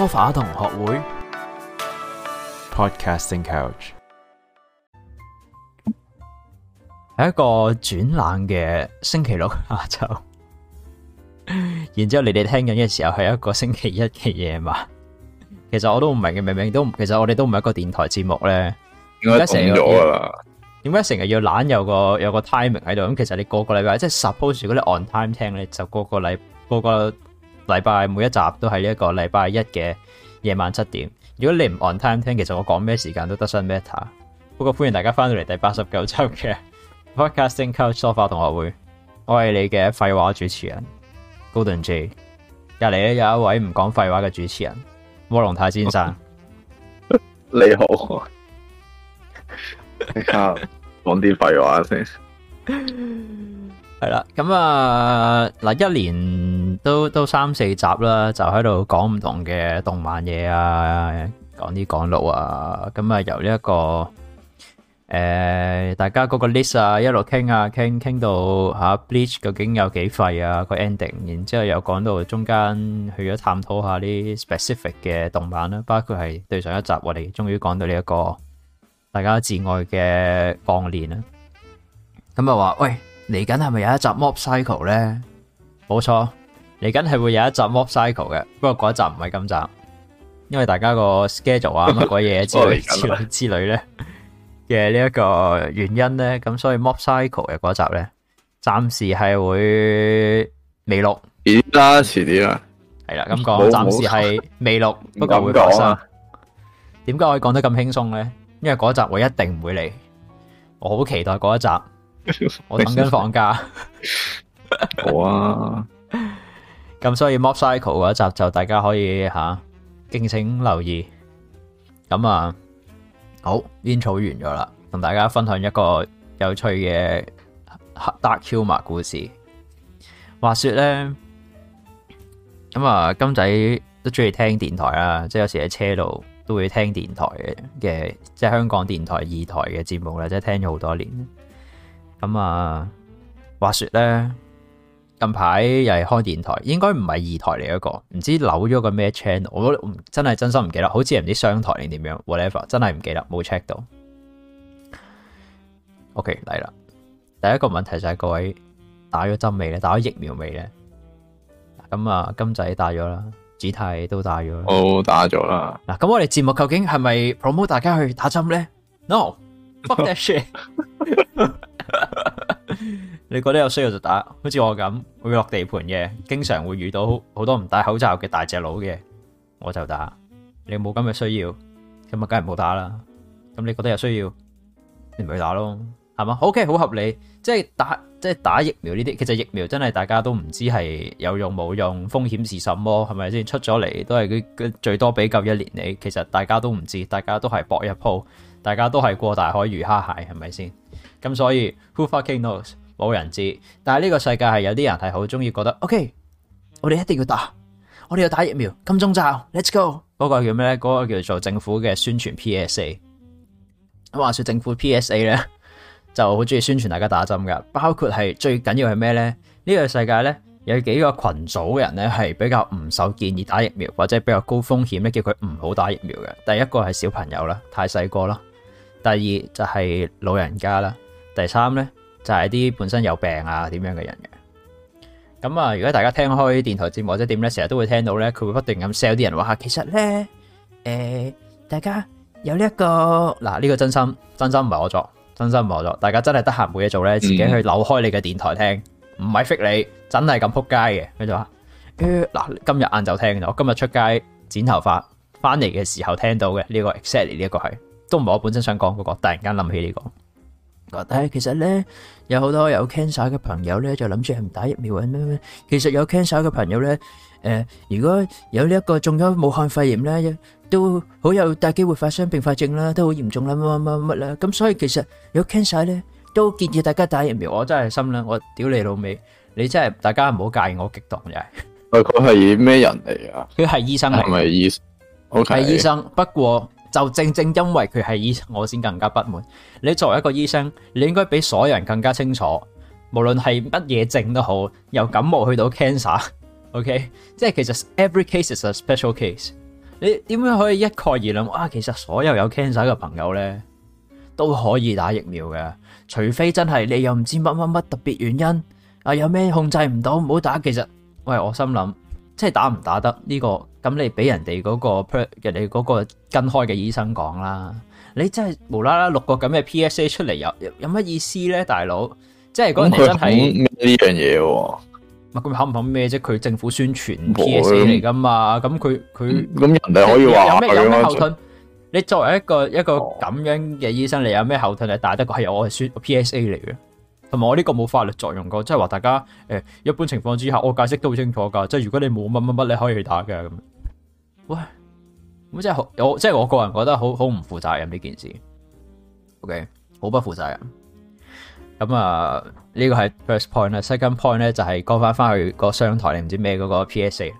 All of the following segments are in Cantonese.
沙發同學會 Podcasting Couch 係一個轉冷嘅星期六下晝，然之後你哋聽緊嘅時候係一個星期一嘅夜晚。其實我都唔明嘅，明明都，其實我哋都唔係一個電台節目咧。點解凍咗噶啦？點解成日要懶有個有個 timing 喺度？咁其實你個個禮拜即係 suppose 嗰啲 on time 聽咧，就個個禮個個。禮拜每一集都係呢一個禮拜一嘅夜晚七點。如果你唔 on time 聽，其實我講咩時間都得身 matter。不過歡迎大家翻到嚟第八十九集嘅 Podcasting Couch Sofa 同學會，我係你嘅廢話主持人 Golden J。隔籬咧，有一位唔講廢話嘅主持人，摩龍泰先生。你好， 講啲廢話先。係啦， 咁啊嗱，一年。都都三四集啦，就喺度講唔同嘅動漫嘢啊，講啲講路啊，咁啊由呢一個誒，大家嗰個 list 啊一路傾啊傾傾到吓 Bleach 究竟有幾廢啊個 ending，然之後又講到中間去咗探討下啲 specific 嘅動漫啦，包括係對上一集我哋終於講到呢一個大家至愛嘅鋼煉啦，咁啊話喂嚟緊係咪有一集 Mob Psycho 咧？冇錯。嚟緊係會有一集 motorcycle 嘅，不過嗰一集唔係今集，因為大家個 schedule 啊，乜鬼嘢之類之類之類咧嘅呢一個原因咧，咁所以 motorcycle 嘅嗰一集咧，暫時係會未錄，點啦，遲啲啦，係啦咁講，暫時係未錄，不過會發生。點解我可以講得咁輕鬆咧？因為嗰一集我一定唔會嚟，我好期待嗰一集，我等緊放假。好啊。咁所以 m o t c y c l e 嗰一集就大家可以吓、啊、敬請留意。咁啊，好 i 草完咗啦，同大家分享一個有趣嘅黑 a Q k 故事。話說咧，咁啊，金仔都中意聽電台啦，即係有時喺車度都會聽電台嘅，即係香港電台二台嘅節目咧，即係聽咗好多年。咁啊，話說咧。近排又係開電台，應該唔係二台嚟一個，唔知扭咗個咩 channel，我真係真心唔記得，好似唔知商台定點樣，whatever，真係唔記得冇 check 到。OK，嚟啦，第一個問題就係各位打咗針未咧，打咗疫苗未咧？咁啊，金仔打咗啦，子泰都打咗，我打咗啦。嗱，咁我哋節目究竟係咪 promote 大家去打針咧？No，fuck that shit。 你覺得有需要就打，好似我咁會落地盤嘅，經常會遇到好多唔戴口罩嘅大隻佬嘅，我就打。你冇咁嘅需要，咁啊梗係唔好打啦。咁你覺得有需要，你咪打咯，係嘛？OK，好合理。即係打，即係打疫苗呢啲。其實疫苗真係大家都唔知係有用冇用，風險是什麼，係咪先？出咗嚟都係最多俾夠一年你。其實大家都唔知，大家都係搏一鋪，大家都係過大海魚蝦蟹，係咪先？咁所以，who fucking knows，冇人知。但係呢個世界係有啲人係好中意覺得，OK，我哋一定要打，我哋要打疫苗。金鐘罩，Let's go。嗰個叫咩呢？嗰個叫做政府嘅宣傳 PSA。咁話說政府 PSA 呢，就好中意宣傳大家打針噶。包括係最緊要係咩呢？呢個世界呢，有幾個群組嘅人呢，係比較唔受建議打疫苗，或者比較高風險呢叫佢唔好打疫苗嘅。第一個係小朋友啦，太細個啦；第二就係老人家啦。第三呢，就係、是、啲本身有病啊點樣嘅人嘅，咁啊如果大家聽開電台節目或者點呢，成日都會聽到呢，佢會不斷咁 sell 啲人話，其實呢，誒、呃、大家有呢、這、一個嗱呢、啊這個真心真心唔係我作，真心唔係我作，大家真係得閒冇嘢做呢，自己去扭開你嘅電台聽，唔係 fit 你，真係咁撲街嘅。佢就話嗱今日晏晝聽咗，我今日出街剪頭髮翻嚟嘅時候聽到嘅呢、這個 exactly 呢一個係，都唔係我本身想講嗰、這個，突然間諗起呢個。覺得其實咧，有好多有 cancer 嘅朋友咧，就諗住係唔打疫苗咁樣。其實有 cancer 嘅朋友咧，誒，如果有呢一個中咗武漢肺炎咧，都好有大機會發生併發症啦，都好嚴重啦，乜乜乜啦。咁所以其實有 cancer 咧，都建議大家打疫苗。我真係心諗，我屌你老味，你真係大家唔好介意我激動嘅。喂，佢係咩人嚟啊？佢係醫生嚟。係咪醫生？OK。係醫生，不過。就正正因為佢係醫生，我先更加不滿。你作為一個醫生，你應該比所有人更加清楚，無論係乜嘢症都好，由感冒去到 cancer，OK？即係其實 every case is a special case。你點樣可以一概而論啊？其實所有有 cancer 嘅朋友咧，都可以打疫苗嘅，除非真係你又唔知乜乜乜特別原因啊，有咩控制唔到，唔好打。其實，喂，我心諗，即係打唔打得呢個？咁你俾人哋嗰、嗰個人哋嗰個跟開嘅醫生講啦，你真係無啦啦錄個咁嘅 PSA 出嚟有有乜意思咧，大佬？即係嗰陣真係、啊、呢樣嘢喎。唔佢肯唔肯咩啫？佢政府宣傳 PSA 嚟噶嘛？咁佢佢咁人哋可以話有咩有咩後盾？啊、你作為一個一個咁樣嘅醫生，你有咩後盾你打？得個係我係宣 PSA 嚟嘅，同埋我呢個冇法律作用噶。即係話大家誒、欸、一般情況之下，我解釋都好清楚噶。即係如果你冇乜乜乜，你可以去打嘅咁。喂，咁即係好，我，即係我個人覺得好好唔負責任呢件事。OK，好不負責任。咁啊，呢個係 first point 咧，second point 咧就係講翻翻去個商台你唔知咩嗰個 P S A。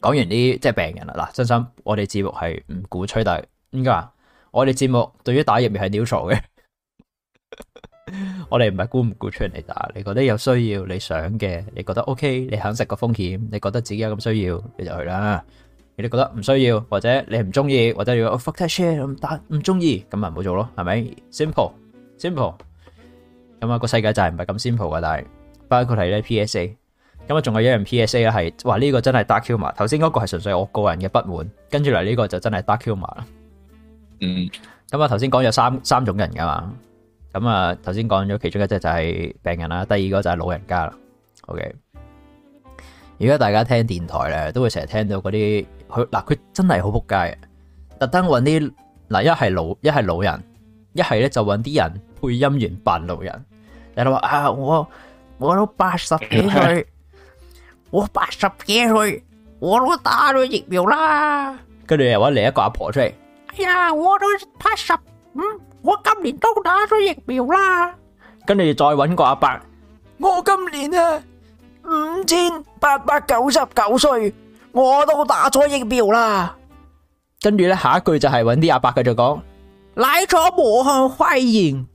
講完呢，即係病人啦。嗱，真心我哋節目係唔鼓吹，但係應該話我哋節目對於打疫苗係 neutral 嘅。我哋唔係估唔估出嚟打，你覺得有需要，你想嘅，你覺得 OK，你肯食個風險，你覺得自己有咁需要你就去啦。你覺得唔需要，或者你唔中意，或者如果 fuck that shit 咁打唔中意，咁咪唔好做咯，係咪？Simple，simple。咁 simple，啊，嗯個世界就係唔係咁 simple 噶，但係包括係咧 PSA。咁、嗯、啊，仲有一樣 PSA 咧，係呢、呢個真係 dark humor。頭先嗰個係純粹我個人嘅不滿，跟住嚟呢個就真係 dark humor 啦。嗯。咁啊、嗯，頭先講有三三種人噶嘛。咁啊，頭先講咗其中一隻就係病人啦，第二個就係老人家啦。OK 如果大家聽電台咧，都會成日聽到嗰啲佢嗱，佢真係好撲街啊！特登揾啲嗱，一係老一係老人，呢一係咧就揾啲人配音員扮老人，人哋話啊，我我都八十幾歲， 我八十幾歲，我都打咗疫苗啦。跟住又話嚟一個阿婆出嚟，哎呀，我都八十，嗯。我今年都打咗疫苗啦。跟住再搵個阿伯，伯。我今年啊五千八百九十九歲，我都打咗疫苗啦。跟住咧，下一句就係搵啲阿伯繼續講：，嚟咗武漢肺炎，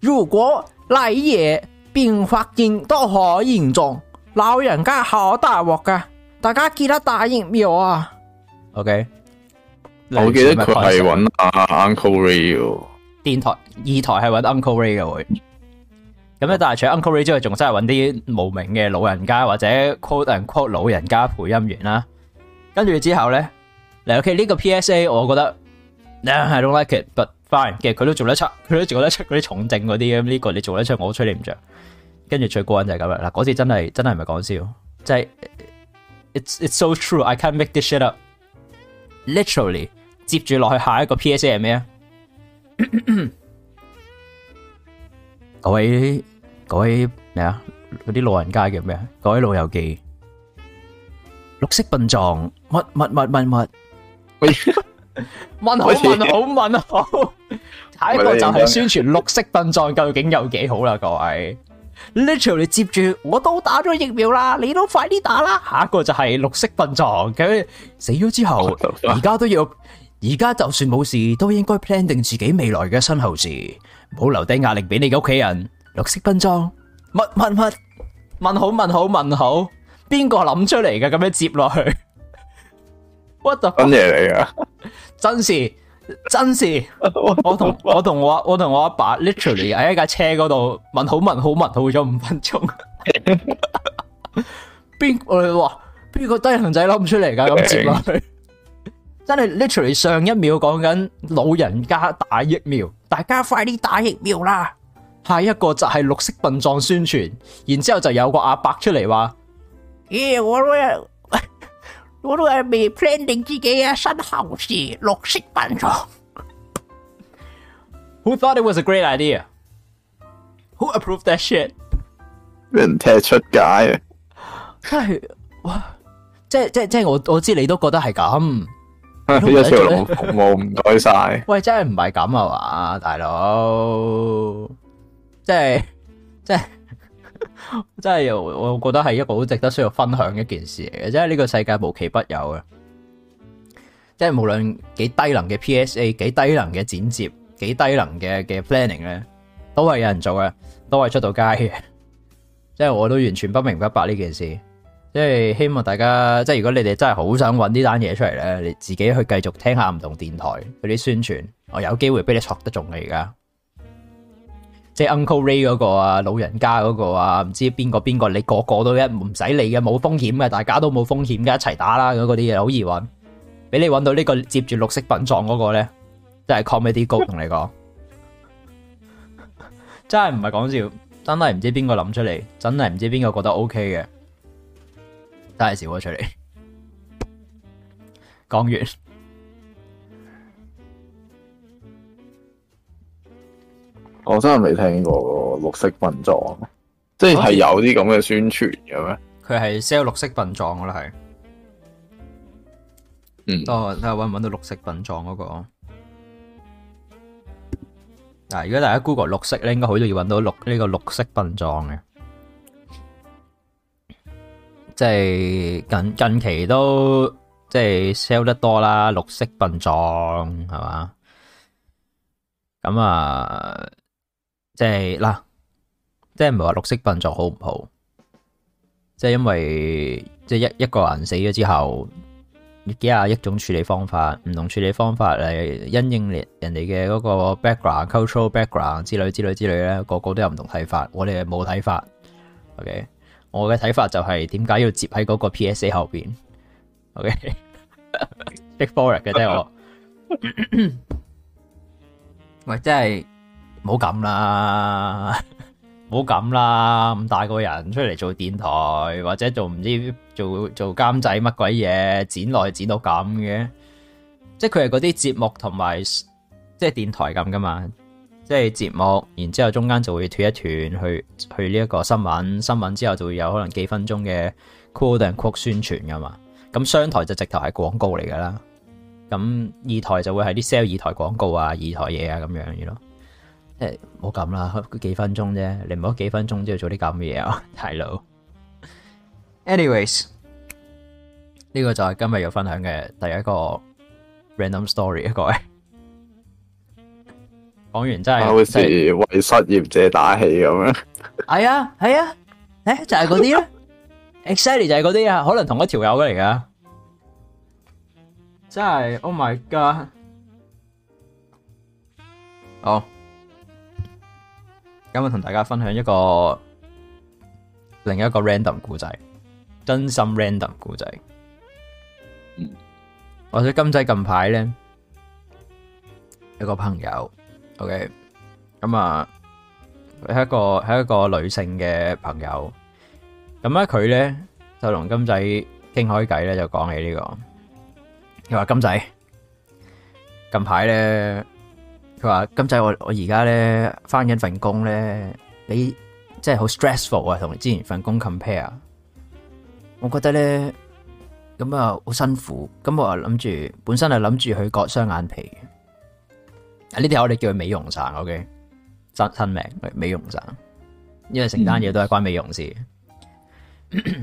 如果嚟嘢併發症都好嚴重，老人家好大鑊噶。大家記得打疫苗啊。OK。我記得佢係搵阿 Uncle Ray。電台二台係揾 Uncle Ray 嘅會，咁咧但係除 Uncle Ray 之外，仲真係揾啲無名嘅老人家或者 quote unquote 老人家配音員啦。跟住之後咧，嚟 OK 呢個 PSA，我覺得，I don't like it but fine，其實佢都做得出，佢都做得出嗰啲重症嗰啲咁呢個你做得出，我都吹你唔着。跟住最過癮就係咁啦，嗱嗰次真係真係唔係講笑，即係 it's it's so true I can't make this shit up literally。接住落去下一個 PSA 係咩啊？各位，各位咩啊？嗰啲老人家叫咩啊？各位老友記，綠色殯葬，乜乜乜乜乜，問好問好問好，下一個就係宣傳綠色殯葬究竟有幾好啦！各位，Litchul 你接住，我都打咗疫苗啦，你都快啲打啦！下一個就係綠色殯葬，佢死咗之後，而家都要。而家就算冇事，都應該 plan 定自己未來嘅身後事，唔好留低壓力俾你嘅屋企人。綠色殯葬，問問問，問好問好問好，邊個諗出嚟嘅咁樣接落去？屈乜嘢嚟啊？真事真事，我同我同我我同我阿爸，爸 literally 喺一架車嗰度問好問好問好咗五分鐘。邊我話邊個低能仔諗出嚟噶咁接落去？真係 literally 上一秒講緊老人家打疫苗，大家快啲打疫苗啦！下一個就係綠色殯葬宣傳，然之後就有個阿伯出嚟話：咦、yeah，我都我都係未 plan 定自己嘅身後事，綠色殯葬。Who thought it was a great idea? Who approved that shit? 俾人踢出街啊！真係哇！即係即係即係，我我知你都覺得係咁。一條龍冇唔該晒，喂，真係唔係咁啊嘛，大佬，即係即係，真係我我覺得係一個好值得需要分享一件事嚟嘅。即係呢個世界無奇不有嘅，即係無論幾低能嘅 PSA、幾低能嘅剪接、幾低能嘅嘅 planning 咧，plan ning, 都係有人做嘅，都係出到街嘅，即係我都完全不明不白呢件事。即係希望大家，即係如果你哋真係好想揾呢單嘢出嚟咧，你自己去繼續聽下唔同電台嗰啲宣傳，我有機會俾你捉得中你㗎。即係 Uncle Ray 嗰個啊，老人家嗰個啊，唔知邊個邊個，你個個都一唔使理嘅，冇風險嘅，大家都冇風險嘅，一齊打啦。嗰啲嘢好易揾，俾你揾到呢、這個接住綠色品狀嗰個咧，真係 Comedy Gold 同你講，真係唔係講笑，真係唔知邊個諗出嚟，真係唔知邊個覺得 O K 嘅。真係笑出嚟，講完。我真係未聽過綠色笨狀，即係有啲咁嘅宣傳嘅咩？佢係 sell 綠色笨狀嘅啦，係。嗯，我睇下唔到綠色笨狀嗰個。嗱，如果大家 Google 綠色咧，應該好容易揾到綠呢個綠色笨狀嘅。即係近近期都即係 sell 得多啦，綠色殯葬係嘛，咁啊，即係嗱，即係唔係話綠色殯葬好唔好？即係因為即係一一個人死咗之後，幾廿億種處理方法，唔同處理方法嚟，因應人哋嘅嗰個 background、 cultural background 之類之類之類咧，個個都有唔同睇法，我哋係冇睇法，ok。我嘅睇法就係點解要接喺嗰個 P.S.A 後邊？OK，Big f o r it 嘅啫，我喂，真係唔好咁啦，唔好咁啦，咁大個人出嚟做電台或者做唔知做做監製乜鬼嘢，剪來剪到咁嘅，即係佢係嗰啲節目同埋即係電台咁噶嘛？即係節目，然之後中間就會斷一斷去去呢一個新聞，新聞之後就會有可能幾分鐘嘅 cool and cook 宣傳噶嘛。咁商台就直頭係廣告嚟噶啦。咁二台就會係啲 sell 二台廣告啊，二台嘢啊咁樣咯。即唔好咁啦，幾分鐘啫，你唔好幾分鐘都要做啲咁嘅嘢啊，大佬。Anyways，呢個就係今日要分享嘅第一個 random story 啊，各位。講完真係好似為失業者打氣咁樣，係啊係啊，誒就係嗰啲囉，excited 就係嗰啲啊，可能同一條友嚟噶，真係 oh my god，好，今日同大家分享一個另一個 random 故仔，真心 random 故仔，或者今仔近排咧一個朋友。OK，咁啊，係一個係一個女性嘅朋友，咁咧佢咧就同金仔傾開偈咧，就講起呢個，佢話金仔近排咧，佢話金仔，我我而家咧翻緊份工咧，你即係好 stressful 啊，同之前份工 compare，我覺得咧咁啊好辛苦，咁我啊諗住本身係諗住去割雙眼皮。呢啲、啊、我哋叫佢美容神，O K，真真名美容神，因為成單嘢都係關美容事。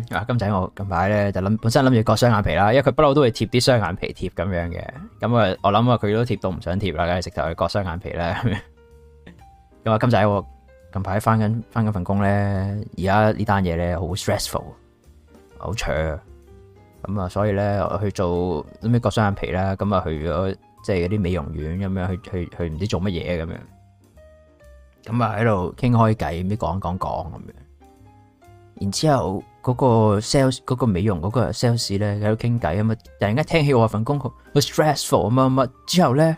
啊、嗯，今仔我近排咧就諗，本身諗住割雙眼皮啦，因為佢不嬲都會貼啲雙眼皮貼咁樣嘅。咁啊，我諗啊，佢都貼到唔想貼啦，梗係直頭去割雙眼皮啦。咁啊，今仔我近排翻緊翻緊份工咧，而家呢單嘢咧好 stressful，好灼。咁啊，我呢呢 ful，所以咧我去做諗住割雙眼皮啦。咁啊去咗。即係嗰啲美容院咁樣去去去唔知做乜嘢咁樣，咁啊喺度傾開偈，咩知講講講咁樣然。然之後嗰個 sales，嗰個美容嗰個 sales 咧喺度傾偈咁啊，突然間聽起我份工好 stressful 啊乜乜。之後咧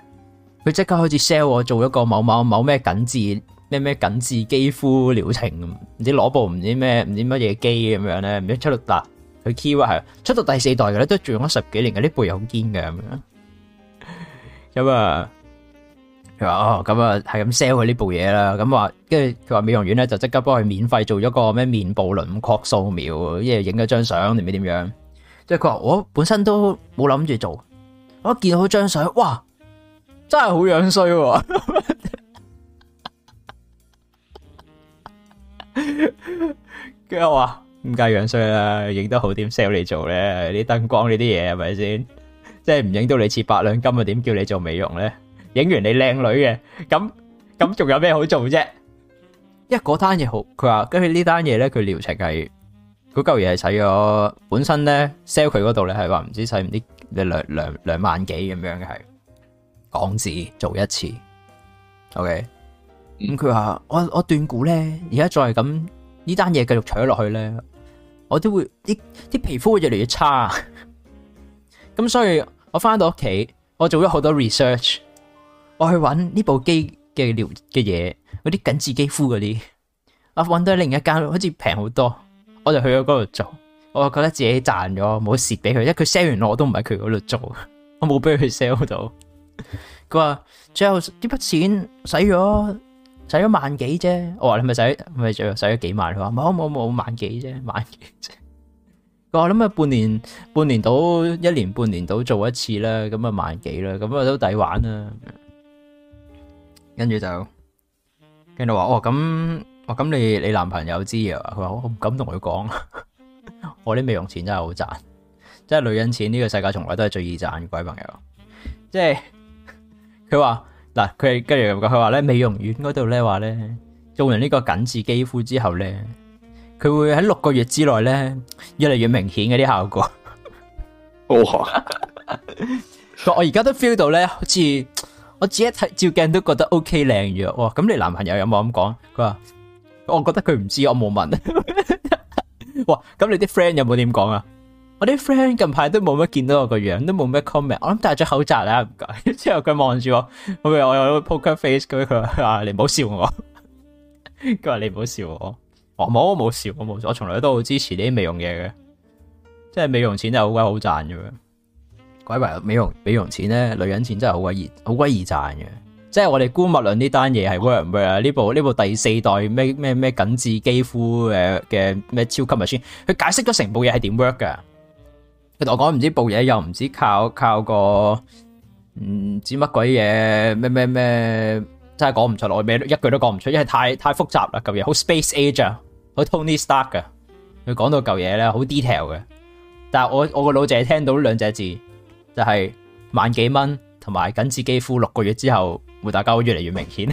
佢即刻開始 sell 我做一個某某某咩緊緻咩咩緊緻肌膚療程咁，唔知攞部唔知咩唔知乜嘢機咁樣咧，唔知出到嗱佢 key 啊，出到第四代嘅咧都仲用咗十幾年嘅，呢部又好堅噶咁樣。咁、嗯、啊，佢話哦，咁啊係咁 sell 佢呢部嘢啦。咁話，跟住佢話美容院咧就即刻幫佢免費做咗個咩面部輪廓掃描，即係影咗張相，定唔知點樣。即係佢話我本身都冇諗住做，我一見到張相，哇，真係好樣衰。佢又話唔介樣衰啦，影得好點 sell 你做咧，啲燈光呢啲嘢係咪先？是即係唔影到你似八兩金啊？點叫你做美容咧？影完你靚女嘅，咁咁仲有咩好做啫？因為嗰單嘢好，佢話跟住呢單嘢咧，佢療程係嗰嚿嘢係使咗本身咧 sell 佢嗰度咧係話唔知使唔知兩兩兩萬幾咁樣嘅係港紙做一次。OK，咁佢話我我斷估咧，而家再咁呢單嘢繼續取落去咧，我都會啲啲、欸、皮膚會越嚟越差。咁 所以。我翻到屋企，我做咗好多 research，我去揾呢部機嘅料嘅嘢，嗰啲緊緻肌膚嗰啲，我揾到另一間好似平好多，我就去咗嗰度做，我又覺得自己賺咗冇蝕俾佢，因為佢 sell 完我都唔係佢嗰度做，我冇俾佢 sell 到。佢話最後呢筆錢使咗，使咗萬幾啫。我話你咪使咪最後使咗幾萬，佢話冇冇冇萬幾啫，萬幾啫。我諗啊，半年半年到一年半年到做一次啦，咁啊萬幾啦，咁啊都抵玩啦。跟住就，跟住話，哦咁，哦咁你你男朋友知啊？佢話我唔敢同佢講， 我啲美容錢真係好賺，即係女人錢呢個世界從來都係最易賺嘅。各位朋友，即係佢話嗱，佢係跟住佢話咧，美容院嗰度咧話咧，做完呢個緊緻肌膚之後咧。佢會喺六個月之內咧，越嚟越明顯嘅啲效果。 我而家都 feel 到咧，好似我自己睇照鏡都覺得 OK 靚樣。哇！咁你男朋友有冇咁講？佢話我覺得佢唔知，我冇問。 哇！咁你啲 friend 有冇點講啊？我啲 friend 近排都冇乜見到我個樣，都冇咩 comment。我諗戴咗口罩啦，唔該。之 後佢望住我，我又我又 po 個 face，佢佢話你唔好笑我。佢 話你唔好笑我。我冇，冇、哦、事，我冇事，我從來都好支持啲美容嘢嘅，即係美容錢真係好鬼好賺咁樣。鬼為美容美容錢咧，女人錢真係好鬼熱，好鬼易賺嘅。即係我哋姑勿論呢單嘢係 work 唔 work 啊？呢部呢部第四代咩咩咩緊致肌膚誒嘅咩超級密酸，佢解釋咗成部嘢係點 work 㗎。佢同我講唔知部嘢又唔知靠靠個唔、嗯、知乜鬼嘢咩咩咩。真係講唔出來我咩一句都講唔出來，因為太太複雜啦，嚿嘢好 Space Age，好 Tony Stark 啊。佢講到嚿嘢咧好 detail 嘅，但係我我個腦聽到聽到兩隻字，就係、是、萬幾蚊同埋緊致肌膚，六個月之後會大家會越嚟越明顯，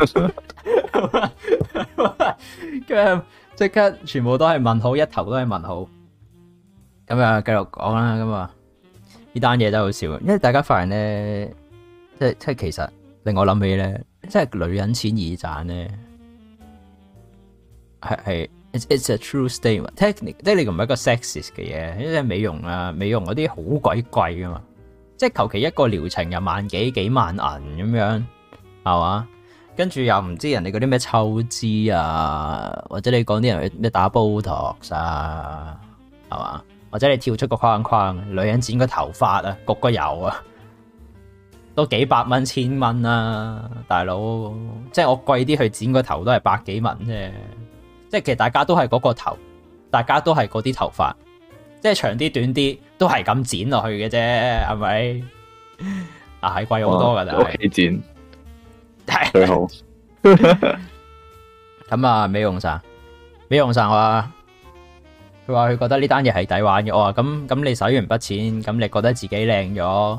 即刻全部都係問號一頭都係問號咁啊繼續講啦，咁啊呢單嘢真係好笑，因為大家發現咧，即係即係其實令我諗起咧。即係女人錢易賺咧，係係，it's it's a true statement technic，即。即係你唔係一個 sexist 嘅嘢，因為美容啊、美容嗰啲好鬼貴噶嘛,即係求其一個療程又萬幾、幾萬銀咁樣，係嘛？跟住又唔知人哋嗰啲咩抽脂啊，或者你講啲人咩打 Botox 啊，係嘛？或者你跳出個框框，女人剪個頭髮啊，焗個油啊。都幾百蚊、千蚊啊，大佬，即係我貴啲去剪個頭都係百幾蚊啫，即係其實大家都係嗰個頭，大家都係嗰啲頭髮，即係長啲、短啲都係咁剪落去嘅啫，係咪？啊，係貴好多噶，啦係哇。是剪，係 最好。咁 啊，美容生美容生話佢話佢覺得呢單嘢係抵玩嘅。我話咁咁，你使完筆錢，咁你覺得自己靚咗？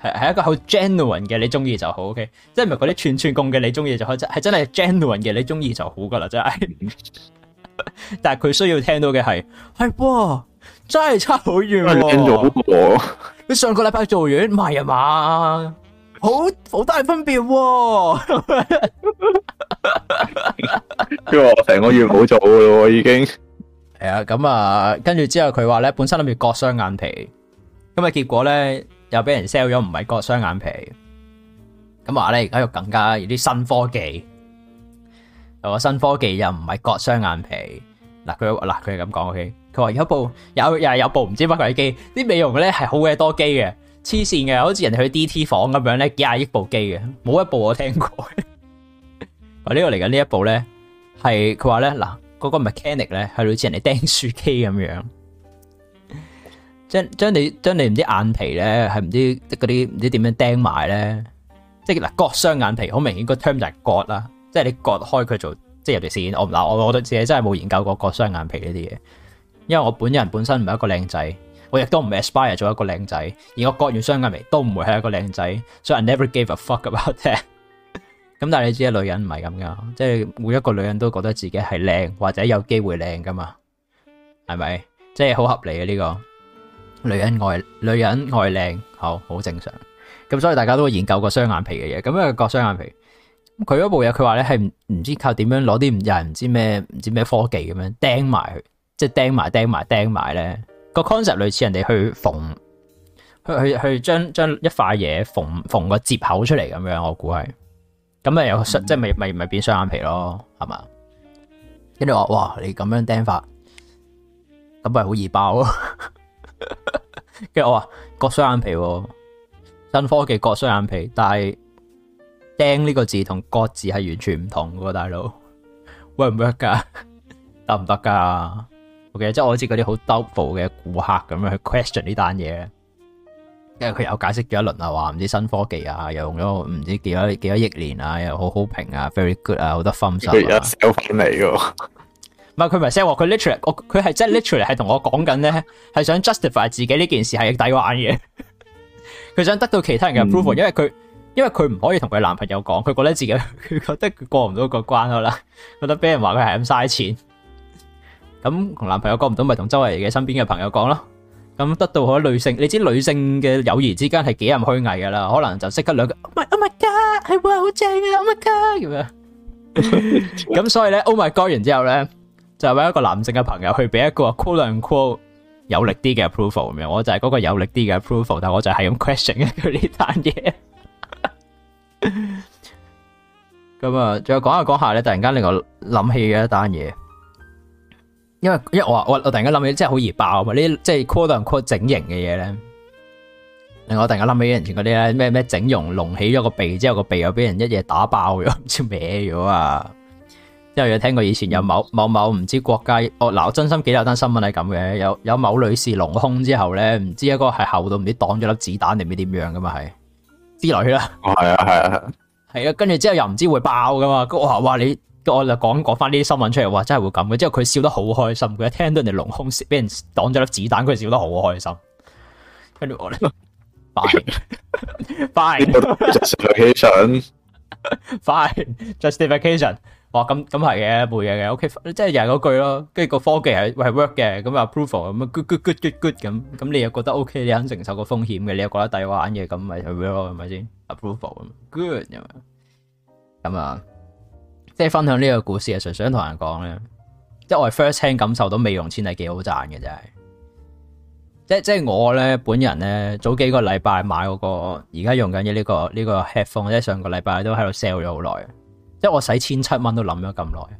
係係一個好 genuine 嘅，你中意就好，O、okay? K，即係唔係嗰啲串串貢嘅，你中意就好，真係真係 genuine 嘅，你中意就好噶啦，真係。但係佢需要聽到嘅係，係、哎、哇，真係差好遠啊。你上個禮拜做完，唔係啊嘛，好好大分別啊。跟 住我成個月冇做嘅咯，已經。係啊，咁啊，跟住之後佢話咧，本身諗住割雙眼皮，咁啊，結果咧。又俾人 sell 咗唔係割雙眼皮，咁話咧而家又更加有啲新科技，有個新科技又唔係割雙眼皮，嗱佢嗱佢係咁講嘅，佢話有一部有又有，有一部唔知乜鬼機，啲美容咧係好鬼多機嘅，黐線嘅，好似人哋去 D T 房咁樣咧，幾廿億部機嘅，冇一部我聽過。我 呢個嚟緊呢一部咧，係佢話咧嗱，嗰、嗰個 Mechanic 咧，係類似人哋釘樹機咁樣。即將你將你唔知眼皮咧係唔知嗰啲唔知點樣釘埋咧，即係嗱割雙眼皮好明顯個 term 就係割啦，即係你割開佢做即係入嚟線。我嗱我我對自己真係冇研究過割雙眼皮呢啲嘢，因為我本人本身唔係一個靚仔，我亦都唔係 aspire 做一個靚仔，而我割完雙眼皮都唔會係一個靚仔，所以 I never gave a fuck about that。 咁但係你知啊，女人唔係咁噶，即係每一個女人都覺得自己係靚或者有機會靚噶嘛，係咪？即係好合理嘅，啊、呢、呢個。女人愛女人愛靚，好，好正常。咁所以大家都會研究個雙眼皮嘅嘢。咁樣個雙眼皮。佢嗰部嘢，佢話咧係唔知靠點樣攞啲唔又唔知咩唔知咩科技咁樣釘埋，即係釘埋釘埋釘埋咧。呢那個 concept 類似人哋去縫，去去去將將一塊嘢縫縫個接口出嚟咁樣，我估係。咁咪又即係咪咪咪變雙眼皮咯，係嘛？跟住話，哇！你咁樣釘法，咁咪好易爆咯～ 跟住 我話割雙眼皮、哦、新科技割雙眼皮，但係釘呢個字同割字係完全唔同噶，大佬 work 唔 work 噶，得唔得噶？O K，即係我好似嗰啲好 double 嘅顧客咁樣去 question 呢單嘢，因為佢又解釋咗一輪啊，話唔知新科技啊，又用咗唔知幾多幾多億年啊，又好好評啊 ，very good 啊，好多 function 嚟噶。 唔係佢唔係 sell 佢 literally 佢係即係 literally 係同我講緊咧，係想 justify 自己呢件事係抵玩嘅，佢 想得到其他人嘅 approval，、嗯、因為佢因為佢唔可以同佢男朋友講，佢覺得自己佢覺得佢過唔到個關啦，覺得俾人話佢係咁嘥錢，咁同男朋友過唔到咪同周圍嘅身邊嘅朋友講咯，咁得到好多女性，你知女性嘅友誼之間係幾咁虛偽噶啦，可能就識得兩個，唔係 oh, oh my god 係哇好正啊 oh my god 咁樣，咁所以咧 oh my god 完之後咧。就係為一個男性嘅朋友去俾一個 quote and quote 有力啲嘅 approval 咁樣，我就係嗰個有力啲嘅 approval，但係我就係咁 question 佢呢單嘢。咁啊，再講下講下咧，突然間令我諗起嘅一單嘢，因為因為我話我我突然間諗起真的很容易爆，真係好熱爆啊！嘛。呢啲即係 quote and quote 整形嘅嘢咧，令我突然間諗起以前嗰啲咧，咩咩整容隆起咗個鼻之後個鼻又俾人一嘢打爆咗，唔知歪咗啊！之後又聽過以前有某某某唔知國家哦，嗱，我真心幾有單新聞係咁嘅，有有某女士隆胸之後咧，唔知一個係厚到唔知擋咗粒子彈定唔知點樣噶嘛係之類啦。哦，係啊，係啊，係啊，跟住之後又唔知會爆噶嘛，話話你，我就講講翻呢啲新聞出嚟，話真係會咁嘅。之後佢笑得好開心，佢一聽到人哋隆胸俾人擋咗粒子彈，佢笑得好開心。跟住我咧，fine，fine justification，fine justification。哇，咁咁係嘅，冇嘢嘅，OK，即係又係嗰句咯。跟住個科技係係 work 嘅，咁 approval 咁啊 good good good good good 咁，咁你又覺得 OK，你肯承受個風險嘅，你又覺得抵玩嘅，咁咪係咯，係咪先 approval good 咁咁啊？即係分享呢個故事啊，純粹想同人講咧，即係我係 first hand 感受到美容錢係幾好賺嘅，真係。即即係我咧本人咧，早幾個禮拜買嗰個而家用緊嘅呢個呢個 headphone，即係上個禮拜都喺度 sell 咗好耐。即係我使千七蚊都諗咗咁耐，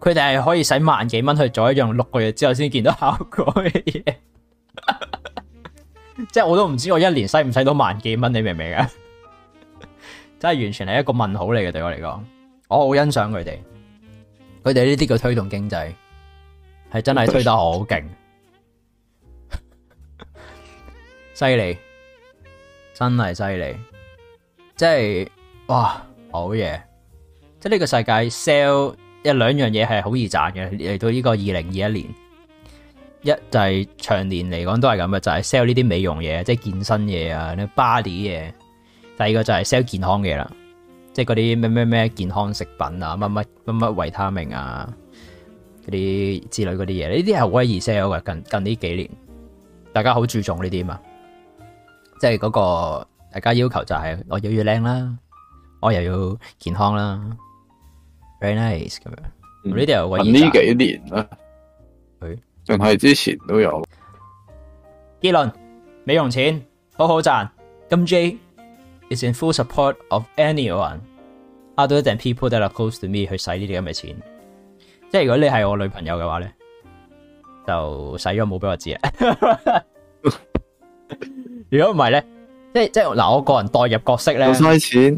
佢哋係可以使萬幾蚊去做一樣六個月之後先見到效果嘅嘢， 即係我都唔知我一年使唔使到萬幾蚊，你明唔明啊？ 真係完全係一個問號嚟嘅，對我嚟講，我好欣賞佢哋，佢哋呢啲叫推動經濟係真係推得好勁，犀 利，真係犀利，即係哇好嘢！即係呢個世界 sell 一兩樣嘢係好易賺嘅，嚟到呢個二零二一年，一就係長年嚟講都係咁嘅，就係 sell 呢啲美容嘢，即係健身嘢啊、body 嘢。第二個就係 sell 健康嘢啦，即係嗰啲咩咩咩健康食品啊、乜乜乜乜維他命啊嗰啲之類嗰啲嘢，呢啲係好易 sell 嘅。近近呢幾年，大家好注重呢啲啊嘛，即係嗰個大家要求就係我要要靚啦，我又要健康啦。咁樣呢幾年咧，仲係之前都有。結論，美容錢好好賺。金 J is in full support of anyone other than people that are close to me 去使呢啲咁嘅錢。即係如果你係我女朋友嘅話咧，就使咗冇俾我知啊。如果唔係咧，即係即係嗱，我個人代入角色咧，使錢。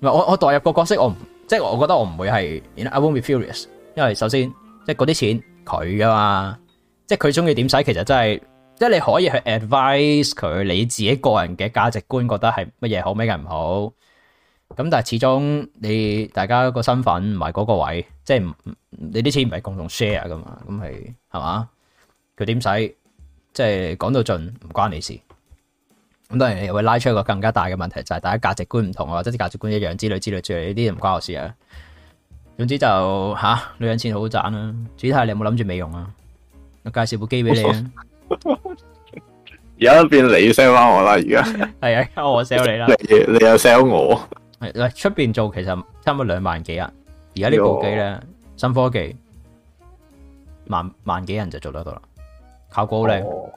唔係我我代入個角色我唔。即係我覺得我唔會係，I won't be furious。因為首先，即係嗰啲錢佢噶嘛，即係佢中意點使，其實真係，即係你可以去 advise 佢，你自己個人嘅價值觀覺得係乜嘢好，乜嘢唔好。咁但係始終你大家個身份唔係嗰個位，即係唔，你啲錢唔係共同 share 噶嘛，咁係係嘛，佢點使，即係講到盡唔關你事。咁都又會拉出一個更加大嘅問題，就係、是、大家價值觀唔同啊，或者價值觀一樣之類之類之類，呢啲唔關我事啊。總之就吓、啊，女人錢好賺啦。主要睇下你有冇諗住美容啊？我介紹部機俾你，而家變你 sell 我啦，而家係啊， 我 sell 你啦。你又 sell 我？出邊做其實差唔多兩萬幾啊，而家呢部機咧，呃、新科技，萬萬幾人就做得到啦。效果好靚，呃、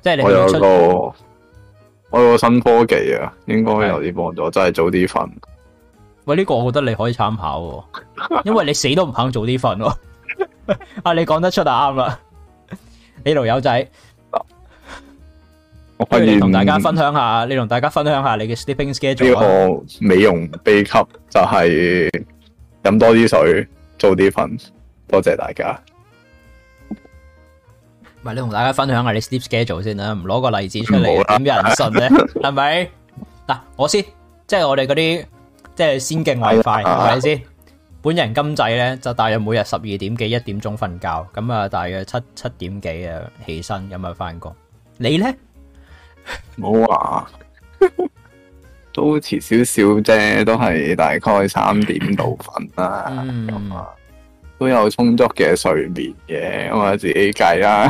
即係你去出。我有個新科技啊，應該有啲幫助，是的真係早啲瞓。喂，呢、這個我覺得你可以參考， 因為你死都唔肯早啲瞓咯。啊， 你講得出就啱啦，呢度友仔，我歡迎同大家分享一下，你同大家分享下你嘅 sleeping schedule。呢個美容秘笈就係飲多啲水， 早啲瞓。多謝大家。唔係你同大家分享下你 sleep schedule 先啦，唔攞個例子出嚟點有人信咧？係咪？ 嗱、啊，我先，即係我哋嗰啲，即係先敬為快，係咪先？本人今仔咧就大約每日十二點幾一點鐘瞓覺，咁啊，大約七七點幾啊起身，有冇翻工。你咧？冇啊，都遲少少啫，都係大概三點度瞓啦。嗯。都有充足嘅睡眠嘅，我哋自己計啦。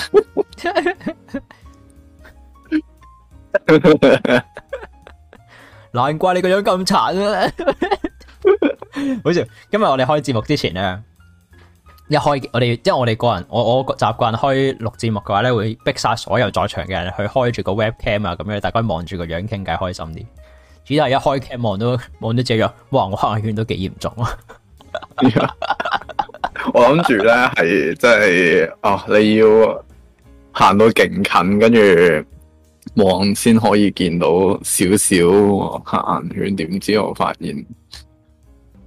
難怪你個樣咁慘啊！ 好似，今日我哋開節目之前咧，一開我哋，即係我哋個人，我我習慣開錄節目嘅話咧，會逼晒所有在場嘅人去開住個 web cam 啊，咁樣大家望住個樣傾偈開心啲。主要係一開 cam 望都望到隻腳，哇！我黑眼圈都幾嚴重啊！ 我諗住咧係，即係、就係、哦，你要行到勁近，跟住望先可以見到少少黑眼圈。點知我發現，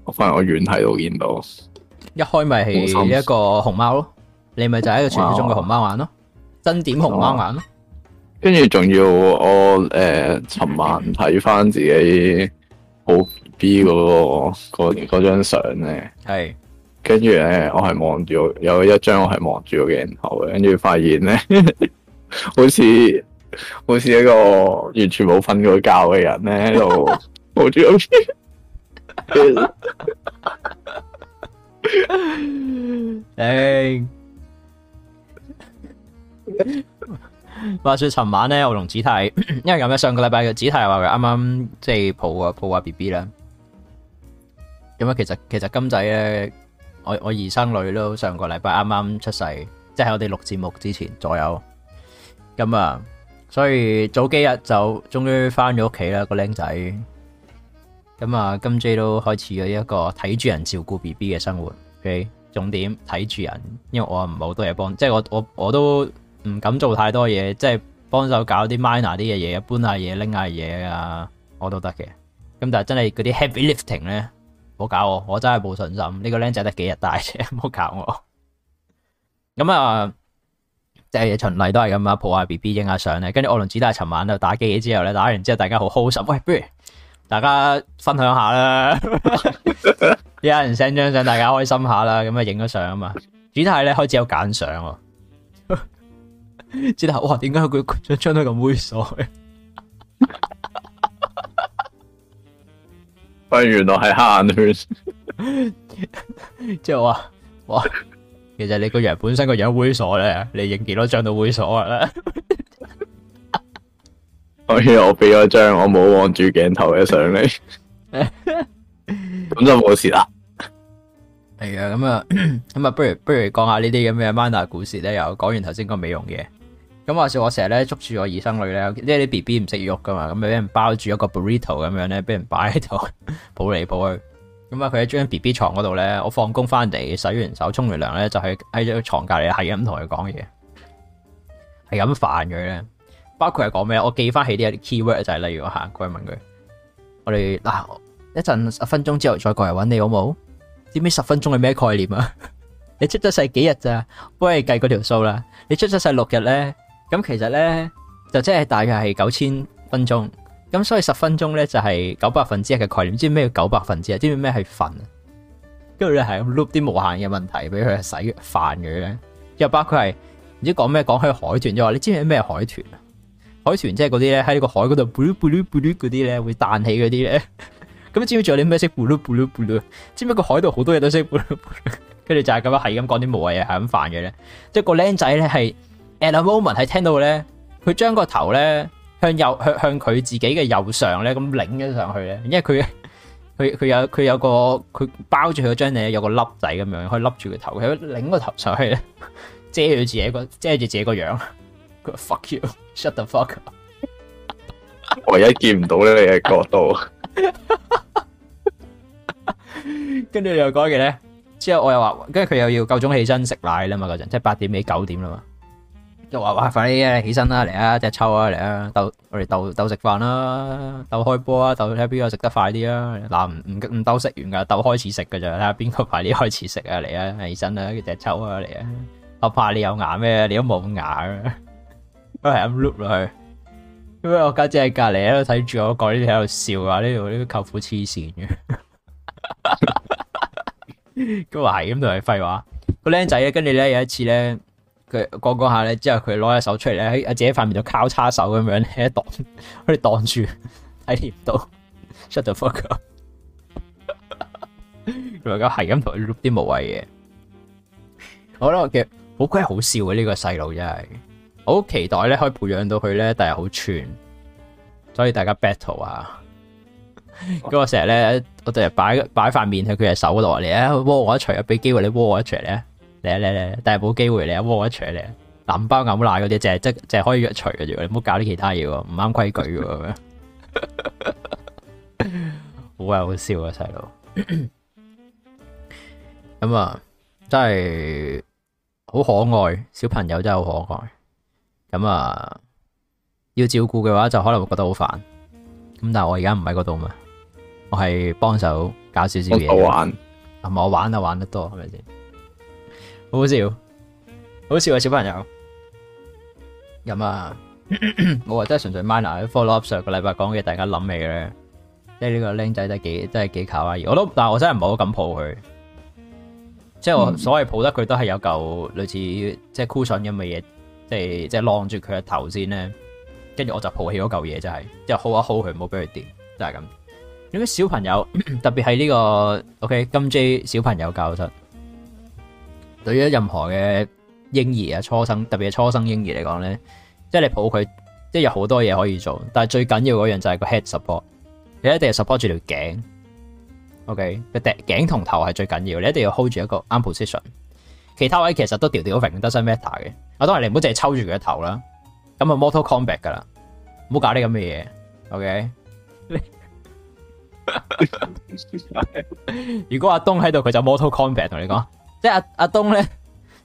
我發現我遠睇到見到一開咪係一個熊貓咯，你咪就係一個傳說中嘅熊貓眼咯，真點熊貓眼咯，咯，咯。跟住仲要我誒，呃、尋晚睇翻自己好 B 嗰個嗰張相咧，係。跟住咧，我係望住有一張我係望住個鏡頭嘅，跟住發現咧，好似好似一個完全冇瞓過覺嘅人咧，喺度抱住。誒，話說尋晚咧，我同子太，因為咁樣，上個禮拜嘅子太話佢啱啱即係抱啊抱啊 B B 啦，咁啊，其實其實金仔咧。我我二生女都上個禮拜啱啱出世，即係我哋錄節目之前左右，咁啊，所以早幾日就終於翻咗屋企啦個僆仔，咁啊今朝都開始咗一個睇住人照顧 BB 嘅生活。OK，重點睇住人，因為我唔好多嘢幫，即係我我我都唔敢做太多嘢，即係幫手搞啲 minor 啲嘅嘢，搬一下嘢，拎下嘢啊，我都得嘅。咁但係真係嗰啲 heavy lifting 咧。冇搞我，我真係冇信心。呢、這個僆仔得幾日大啫，唔好搞我。咁啊，即係循例都係咁啊，抱下 B B 影下相咧。跟住我同子泰尋晚喺度打機之後咧，打完之後大家好開心。喂，不如大家分享下啦， 人一人 send 張相，大家開心下啦。咁啊，影咗相啊嘛。子泰咧開始有揀相，子泰， 哇，點解佢張相都咁猥瑣嘅？ 喂，原來係黑眼圈， 即係話，哇！其實你個人本身個樣猥瑣咧，你影幾多張都猥瑣啦 。我原我俾咗張我冇望住鏡頭嘅相你，咁 就冇事啦。係、嗯、啊，咁、嗯、啊，咁、嗯、啊、嗯，不如不如講下呢啲咁嘅 Manda 故事咧，又講完頭先個美容嘢。咁話說我成日咧捉住我二生女咧，即係啲 B B 唔識喐噶嘛，咁俾人包住一個 burrito 咁樣咧，俾人擺喺度抱嚟抱去。咁啊，佢喺張 B B 床嗰度咧，我放工翻嚟，洗完手，沖完涼咧，就係喺張床隔籬係咁同佢講嘢，係咁煩佢咧。包括係講咩？我記翻起啲有 keyword 就係，例如我行過去問佢，我哋嗱一陣十分鐘之後再過嚟搵你好冇？知唔知十分鐘係咩概念啊？ 你出咗世幾日咋？不如計嗰條數啦，你出咗世六日咧。咁其實咧就即係大概係九千分鐘，咁所以十分鐘咧就係九百分之一嘅概念。知唔知咩叫九百分之一？知唔知咩係份？跟住咧係咁 loop 啲無限嘅問題俾佢洗飯嘅咧。又包括係唔知講咩，講起海豚啫嘛？你知唔知咩係海豚啊？海豚即係嗰啲咧喺個海嗰度 bulu bulu bulu 嗰啲咧會彈起嗰啲咧。咁知唔知仲有啲咩識 bulu bulu bulu 知唔知個海度好多嘢都識 bulu bulu 跟住就係咁樣係咁講啲無謂嘢係咁煩嘅咧。即係個僆仔咧係。At that moment，係聽到咧，佢將個頭咧向右向向佢自己嘅右上咧，咁擰咗上去咧。因為佢佢佢有佢有個佢包住佢張嘢，有個粒仔咁樣可以笠住個頭，佢擰個頭上去咧，遮住自己個遮住自己個樣。佢話 fuck you，shut the fuck up。唯一見唔到咧你嘅角度。跟住 又講嘅咧，之後我又話，跟住佢又要夠鐘起身食奶啦嘛，嗰陣即係八點幾九點啦嘛。又話話快啲起身啦，嚟啊！隻抽啊，嚟啊！鬥我哋鬥鬥食飯啦，鬥開波啊，鬥睇邊個食得快啲啊！嗱，唔唔鬥食完噶，鬥開始食噶咋？睇下邊個快啲開始食啊！嚟啊！起身啦！叫隻抽啊！嚟啊！我怕你有牙咩？你都冇牙啊！都係咁碌落去，因為我家姐喺隔籬喺度睇住我，講呢啲喺度笑啊！呢度呢個舅父黐線嘅，咁話係咁同你廢話。個僆仔咧，跟住咧有一次咧。佢講講下咧之後，佢攞隻手出嚟咧喺自己塊面度交叉手咁樣喺度擋，好似擋住睇唔到。 Shut the fuck！佢而家係咁同佢碌啲無謂嘢。我覺得嘅好鬼好笑嘅，呢個細路真係，好期待咧可以培養到佢咧，但係好串，所以大家 battle 啊！咁 我成日咧，我成日擺擺塊面去佢嘅手落嚟佢摸我一除，啊！俾機會你摸我一除咧。咧咧咧，但係冇機會咧，啊、我一槽咧！冚包冚唥嗰啲淨係即係可以約除嘅啫，你唔好搞啲其他嘢，唔啱規矩嘅。好 好笑啊，細路！咁 啊，真係好可愛，小朋友真係好可愛。咁啊，要照顧嘅話就可能會覺得好煩。咁但係我而家唔喺嗰度嘛，我係幫手搞少少嘢嘅，係咪我，我玩啊玩得多係咪先？是好好笑，好好笑啊！小朋友，咁啊， 我話真係純粹 minor follow up 上個禮拜講嘅，大家諗起咧，即係呢個僆仔都係幾都係幾可愛啊！我都，但係我真係唔係好咁抱佢，即係我所謂抱得佢都係有嚿類似即係 cushion 咁嘅嘢，即係即係晾住佢嘅頭先咧，跟住我就抱起嗰嚿嘢就係即係 hold 一 hold 佢，唔好俾佢跌，就係咁。呢、嗰個小朋友，特別係呢個 OK 金 J 小朋友教室。對於任何嘅嬰兒啊，初生特別係初生嬰兒嚟講咧，即係你抱佢，即係有好多嘢可以做。但係最緊要嗰樣就係個 head support，你一定要 support 住條頸。OK，個頸同頭係最緊要，你一定要 hold 住一個啱 position。其他位其實都調調都唔得身 matter 嘅。阿東，你唔好淨係抽住佢嘅頭啦。咁啊，mortal combat 噶啦，唔好搞啲咁嘅嘢。OK， 如果阿東喺度，佢就 mortal combat 同你講。即係阿阿東咧，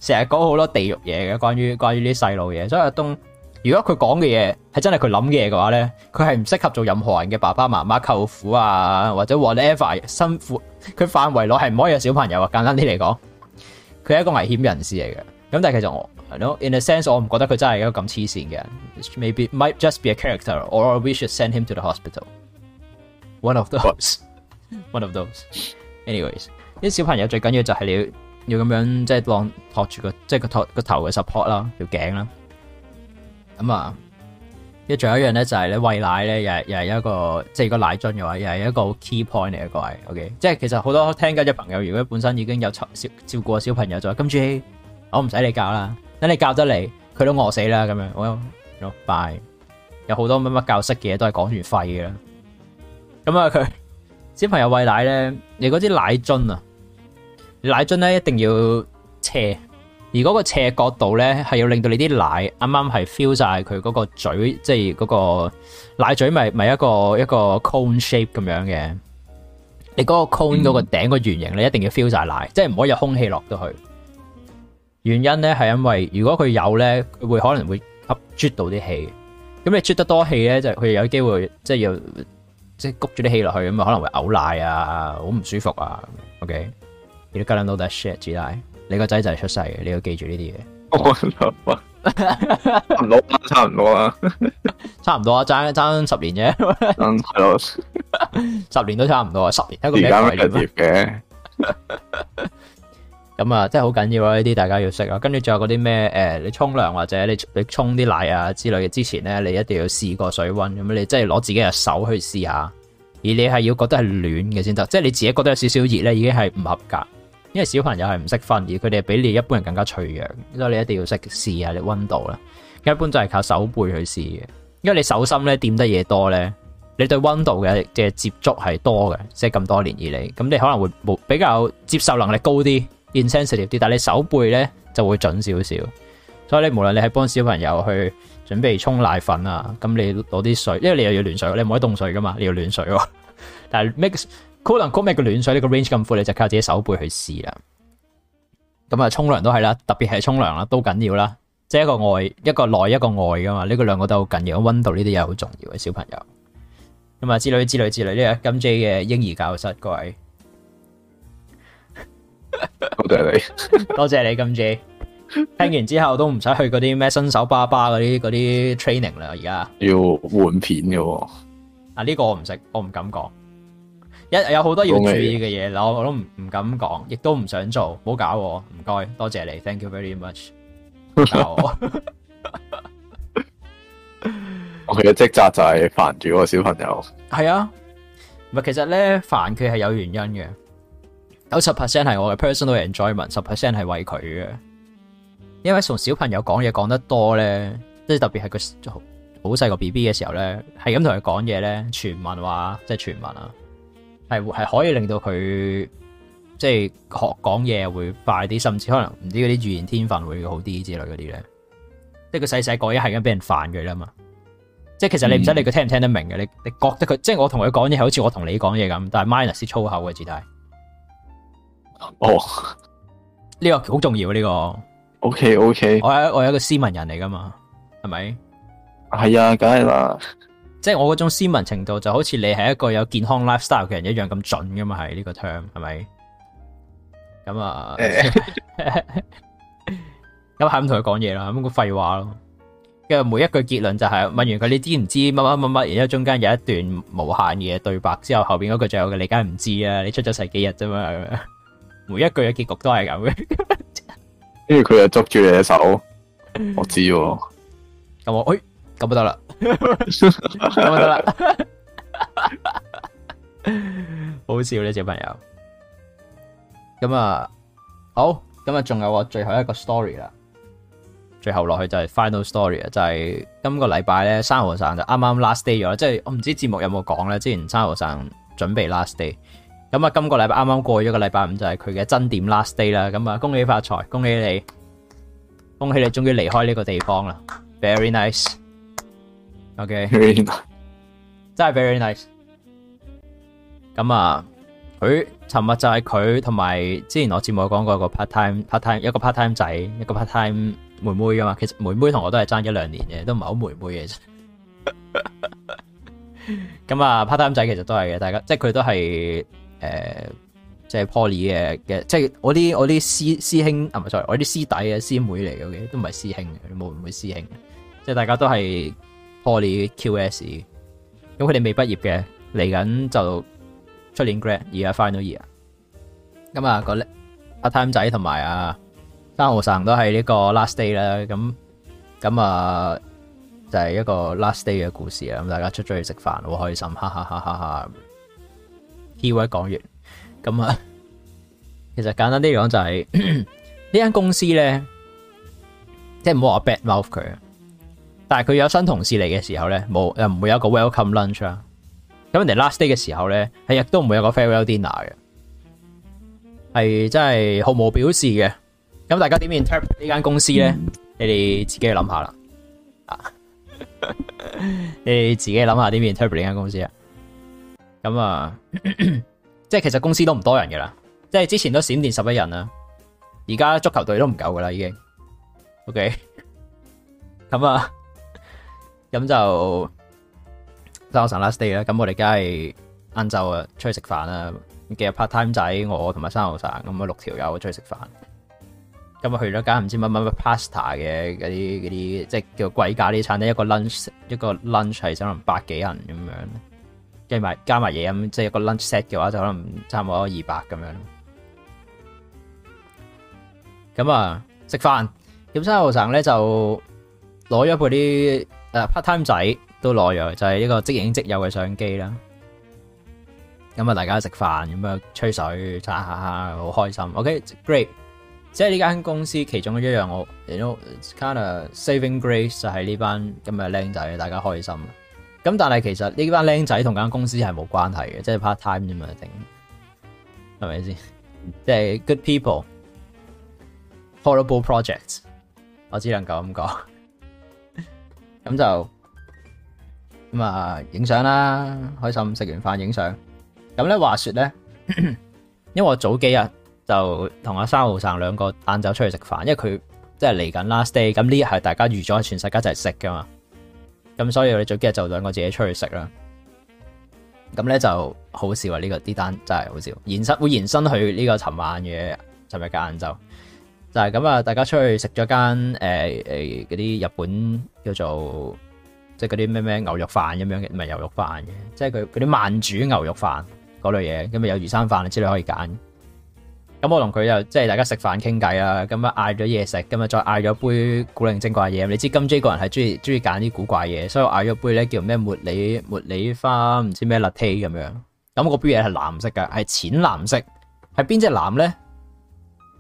成日講好多地獄嘢嘅，關於關於啲細路嘢。所以阿、啊、東，如果佢講嘅嘢係真係佢諗嘅嘢嘅話咧，佢係唔適合做任何人嘅爸爸媽媽、舅父啊，或者 whatever 辛苦，佢範圍內係唔可以有小朋友啊。簡單啲嚟講，佢係一個危險人士嚟嘅。咁但係其實我，no，in a sense，我唔覺得佢真係一個咁黐線嘅人。Maybe might just be a character，or we should send him to the hospital。One of those，one of those。Anyways，啲小朋友最緊要就係你。要咁樣即係幫托住個即係個托個頭嘅 support 啦條頸啦，咁啊，即仲有一樣咧就係、是、你餵奶咧又係又係一個即係個奶樽嘅話又係一個好 key point 嚟嘅各位，O K，即係其實好多聽緊嘅朋友如果本身已經有照顧啊小朋友就話，跟住我唔使你教啦，等你教得嚟佢都餓死啦咁樣，我我拜、no，有好多乜乜教室嘅嘢都係講完廢嘅啦，咁啊佢小朋友餵奶咧，你嗰啲奶樽啊。奶樽咧一定要斜，而嗰個斜角度咧係要令到你啲奶啱啱係 fill 晒佢嗰個嘴，即係嗰個奶嘴咪咪一個一個 cone shape 咁樣嘅。你嗰個 cone 嗰個頂個圓形你一定要 fill 晒奶，嗯、即係唔可以有空氣落到去。原因咧係因為如果佢有咧，會可能會吸啜到啲氣。咁你啜得多氣咧，就佢有機會即係要即係谷住啲氣落去，咁啊可能會嘔奶啊，好唔舒服啊。OK。你都搞掂到啲 share 住奶。你個仔就係出世嘅，你要記住呢啲嘢。差唔多，差唔多啊， 差唔多啊，爭爭十年啫。 十年都差唔多啊，十年一個咩概念？咁 啊，真係好緊要啊！呢啲大家要識啊。跟住仲有嗰啲咩誒，你沖涼或者你你沖啲奶啊之類嘅之前咧，你一定要試過水温咁，你即係攞自己嘅手去試下，而你係要覺得係暖嘅先得，即係你自己覺得有少少熱咧，已經係唔合格。因為小朋友係唔識分，而佢哋係比你一般人更加脆弱，所以你一定要識試下你温度啦。一般就係靠手背去試嘅，因為你手心咧掂得嘢多咧，你對温度嘅接觸係多嘅，即係咁多年以嚟，咁你可能會冇比較接受能力高啲，insensitive 啲，但你手背咧就會準少少。所以你無論你係幫小朋友去準備沖奶粉啊，咁你攞啲水，因為你又要暖水，你唔可以凍水噶嘛，你要暖水喎。但係 mix。Cooling，Cooling 嘅暖水呢個 range 咁闊，你就靠自己手背去試啦。咁啊，沖涼都係啦，特別係沖涼啦，都緊要啦。即係一個外，一個內，一個外噶嘛。呢個兩個都好緊要，温度呢啲嘢好重要嘅，小朋友。咁啊，之類之類之類呢？金 J 嘅嬰兒教室，各位，謝謝 多謝你，多謝你，金 J。聽完之後都唔使去嗰啲咩新手爸爸嗰啲嗰啲 training 啦，而家要換片嘅。啊，呢個我唔識，我唔敢講。一有好多要注意嘅嘢咯，不我都唔唔敢講，亦都唔想做，好搞我。唔該，多謝你 ，Thank you very much 我。 我嘅職責就係煩住個小朋友。係啊，唔係其實咧，煩佢係有原因嘅，九十 percent 係我嘅 personal enjoyment，十 percent 係為佢嘅。因為同小朋友講嘢講得多咧，即係特別係個好細個 B B 嘅時候咧，係咁同佢講嘢咧，傳聞話即係傳聞啊。就是係係可以令到佢即係學講嘢會快啲，甚至可能唔知嗰啲語言天分會好啲之類嗰啲咧。即係佢細細個一係咁俾人煩佢啦嘛。即係其實你唔使理佢、嗯、聽唔聽得明嘅，你你覺得佢即係我同佢講嘢好似我同你講嘢咁，但係 minus 粗口嘅狀態。Oh, 哦，呢個好重要呢，啊呢個。OK OK，我係我一個斯文人嚟噶嘛，係咪？係啊，哎，梗係啦。即係我嗰種斯文程度，就好似你係一個有健康 lifestyle 嘅人一樣咁準噶嘛？係呢個 term 係咪？咁啊，咁係咁同佢講嘢啦，咁個廢話咯。跟住每一句結論就係問完佢你知唔知乜乜乜乜，然之後中間有一段無限嘅對白之後，後邊嗰句就有嘅，你梗係唔知啊，你出咗世幾日啫嘛？係咪？每一句嘅結局都係咁嘅。跟住佢就捉住你隻手，我知。咁我誒咁就得啦。咁得啦， 就行 好笑呢、啊、小朋友。咁啊，好，咁啊，仲有我最後一個 story 啦。最後落去就係 final story 啊，就係、是、今個禮拜咧，生蠔 san 就啱啱 last day 咗，即係我唔知節目有冇講咧。之前生蠔 san 準備 last day，咁啊，今個禮拜啱啱過咗個禮拜五，就係佢嘅真點 last day 啦。咁啊，恭喜你發財，恭喜你，恭喜你，終於離開呢個地方啦。Very nice。o Okay . k 真係 very nice。咁啊，佢尋日就係佢同埋之前我節目講過個 part time，part time 一個 part time 仔，一個 part time 妹妹噶嘛。其實妹妹同我都係爭一兩年嘅，都唔係好妹妹嘅啫。咁 啊 ，part time 仔其實都係嘅，大家即係佢都係誒，即係 poly 嘅嘅，即係我啲我啲師師兄啊，唔係，sorry，我啲師弟嘅師妹嚟嘅，都唔係師兄，冇唔會師兄，即係大家都係。Poly QS，咁佢哋未畢業嘅，嚟緊就出年 grad，而家 final year。咁啊個阿 time 仔同埋啊生蠔 san 都係呢個 last day 啦。咁咁啊就係、是、一個 last day 嘅故事啊。咁大家出咗去食飯，好開心，哈哈哈！哈哈。Keyword 講完，咁啊其實簡單啲嚟講就係呢間公司咧，即係唔好話 bad mouth 佢但係佢有新同事嚟嘅時候咧，冇又唔會有個 welcome lunch 啊。咁人 last day 嘅時候咧，係亦都唔會有個 farewell dinner 嘅，係真係毫無表示嘅。咁大家點 interpret 呢間公司咧？你哋自己去諗下啦。 想想啊，你自己諗下點 interpret 呢間公司啊？咁 啊，即係其實公司都唔多人噶啦，即係之前都閃電十一人啦，而家足球隊都唔夠噶啦，已經。O.K. 咁 啊。咁就生蠔 san last day 啦，咁我哋梗係晏晝啊出去食飯啦，咁嘅 part time 仔我同埋生蠔 san 咁啊六條友出去食飯，咁啊去咗間唔知乜乜乜 pasta 嘅嗰啲嗰啲即係叫貴價啲餐咧，一個 lunch 一個 lunch 係可能百幾人咁樣，計埋加埋嘢咁，即係一個 lunch set 嘅話就可能差唔多二百咁樣。咁啊食飯，咁生蠔 san 咧就攞咗佢啲。誒 part time 仔都攞嘢，就係一個即影即有嘅相機啦。咁啊，大家食飯咁樣，吹水、擦下，好開心。OK，great。即係呢間公司其中一樣我，我 you know kind of saving grace 就係呢班咁嘅靚仔，大家開心。咁但係其實呢班靚仔同間公司係冇關係嘅，即係 part time 啫嘛，定係咪先？即係 good people，horrible projects。我只能夠咁講。咁就咁啊，影相啦，開心食完飯影相。咁咧，話說咧， 因為我早幾日就同阿生蠔 san 兩個晏晝出去食飯，因為佢即係嚟緊 last day，咁呢係大家預咗，全世界就係食噶嘛。咁所以我哋早幾日就兩個自己出去食啦。咁咧就好笑啊！呢、這個啲單真係好笑，延伸會延伸去呢個尋晚嘅尋日嘅晏晝。就係咁啊！大家出去食咗間誒誒嗰啲日本叫做即係嗰啲咩咩牛肉飯咁樣嘅，唔係牛肉飯嘅，即係佢啲慢煮牛肉飯嗰類嘢，咁啊有魚生飯啊之類可以揀。咁我同佢又即係大家食飯傾偈啊。咁啊嗌咗嘢食，咁啊再嗌咗杯古靈精怪嘢。你知金 J 個人係中意中意揀啲古怪嘢，所以我嗌咗杯咧叫咩茉莉茉莉花，唔知咩 latte 咁樣。咁個杯嘢係藍色噶，係淺藍色，係邊隻藍咧？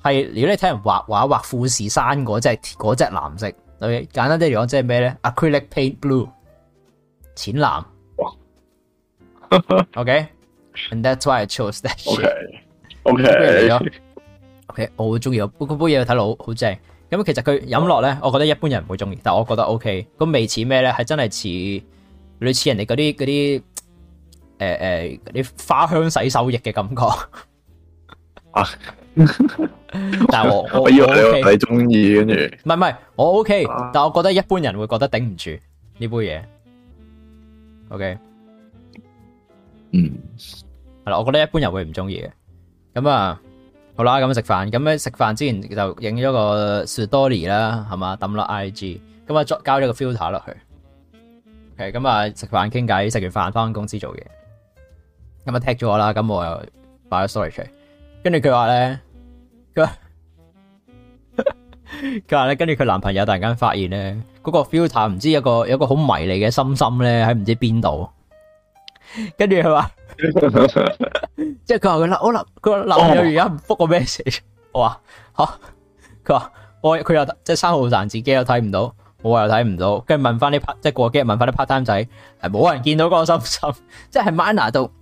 係如果你聽人畫畫畫富士山嗰隻，嗰隻藍色，OK？簡單啲嚟講，即係咩咧？Acrylic paint blue，淺藍。哇 OK？And、okay? that's why I chose that shit. OK，OK，OK，Okay. Okay. okay, 我中意，不不睇落好正。咁其實佢飲落咧，我覺得一般人唔會中意，但係我覺得 OK。個味似咩咧？係真係似類似人哋嗰啲嗰啲誒誒啲花香洗手液嘅感覺啊。 但係我我我睇中意跟住，唔係唔係，我，我，我，我 O、OK, K，、啊、但我覺得一般人會覺得頂唔住呢杯嘢。O、okay? K，嗯，係啦，我覺得一般人會唔中意嘅。咁啊，好啦，咁食飯，咁咧食飯之前就影咗個 story 啦，係嘛，抌落 I G，咁啊，交咗個 filter 落去。OK，咁啊，食飯傾偈，食完飯翻公司做嘢，咁啊踢咗我啦，咁我又擺咗 story 出嚟。跟住佢話咧，佢話佢話咧，跟住佢男朋友突然間發現咧，嗰個 filter 唔知有個有個好迷你嘅心心咧喺唔知邊度。跟住佢話，即係佢話佢諗，佢諗佢諗咗，而家唔覆個咩事。我話吓，佢話我佢又即係生蠔 san 自己又睇唔到，我又睇唔到，跟住問翻啲 part，即係過幾日問翻啲 part time 仔，係冇人見到嗰個心心，即係 Mina 度。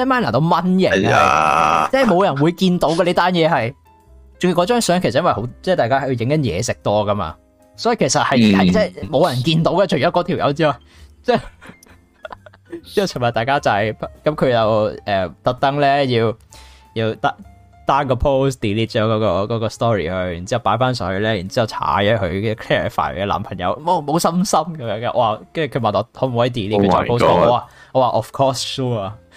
即係蚊型啊？即係冇人會見到嘅呢單嘢係，仲要嗰張相其實因為好，即係大家喺度影緊嘢食多噶嘛，所以其實係係、嗯、即係冇人見到嘅，除咗嗰條友之外，即係即係尋日大家就係、是、咁，佢又誒特登咧要要單單個 post delete 咗嗰個嗰個 story 去，然之後擺翻上去咧，然之後踩咗佢，嘅 clarify 嘅男朋友冇冇心心咁樣嘅，我話跟住佢問我可唔可以 delete 佢就冇，我話我話 of course sure 啊。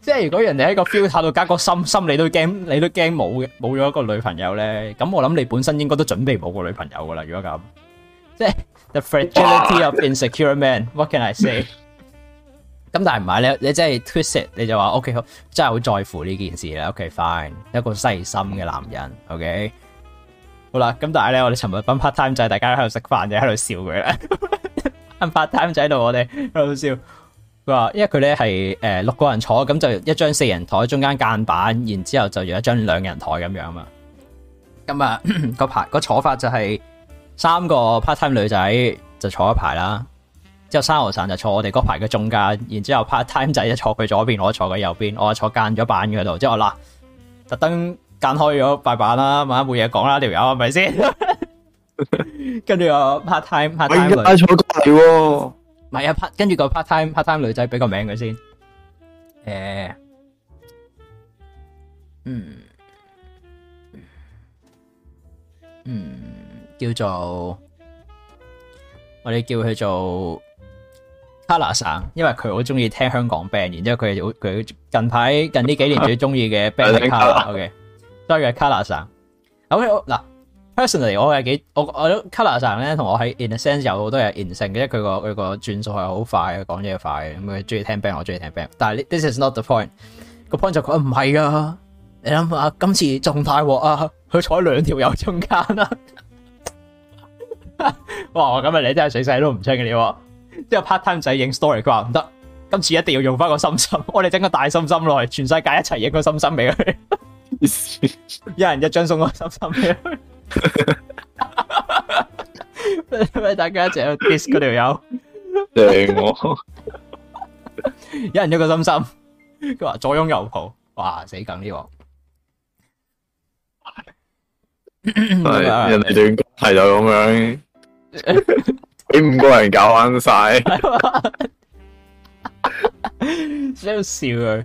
即係如果人哋喺個 feel 度，加個心心你都驚，你都驚冇嘅，冇咗一個女朋友咧。咁我諗你本身應該都準備冇個女朋友噶啦。如果咁，即係 the fragility of insecure man。What can I say？咁但係唔係你你真係 twist it，你就話 O K 好，真係好在乎呢件事啦。O K fine，一個細心嘅男人。O K，好啦，咁但係咧，我哋尋日班 part time 就係大家喺度食飯，就喺度笑佢啦。班 part time 就喺度，我哋喺度笑。因為佢咧係誒六個人坐，咁就一張四人台中間間板，然之後就有一張兩人台咁樣嘛。咁、嗯、啊，個排個坐法就係、是、三個 part time 女仔就坐一排啦，之後生蠔 san 就坐我哋嗰排嘅中間，然之後 part time 仔就坐佢左邊，我坐佢右邊，我,就坐我就啊坐間咗板嗰度，即係我嗱特登間開咗塊板啦，冇嘢講啦條友係咪先？跟住 part time，part time 咪坐過嚟喎。唔係啊 part，跟住個 part time，part time 女仔俾個名佢先。誒，嗯，嗯，叫做，我哋叫佢做 Kolor 桑，因為佢好中意聽香港 band，然之後佢好佢近排近呢幾年最中意嘅 band 係 Kolor，ok，所以係 Kolor 桑。好啦。Personally，我係幾我我都 color 上咧，同我喺 in a sense 有好多嘢連成嘅，因為佢個佢個轉數係好快，佢講嘢快，咁佢中意聽 band，我中意聽 band。但係 This is not the point 個、就是。個 point 就講唔係啊！你諗下，今次仲大鑊啊，佢坐兩條友中間啦、啊。 哇！咁啊，你真係死曬都唔清嘅。了。即係 part time 仔影 story，佢話唔得。今次一定要用翻個心心。我哋整個大心心落去，全世界一齊影個心心俾佢。 一人一張送個心心俾佢。 喂，大家一齊去 kiss 嗰條友，對我一人一個心心。佢話左擁右抱，哇，死梗呢個。係啊，人哋點講？係就咁樣。你五個人搞翻晒，喺度笑啊！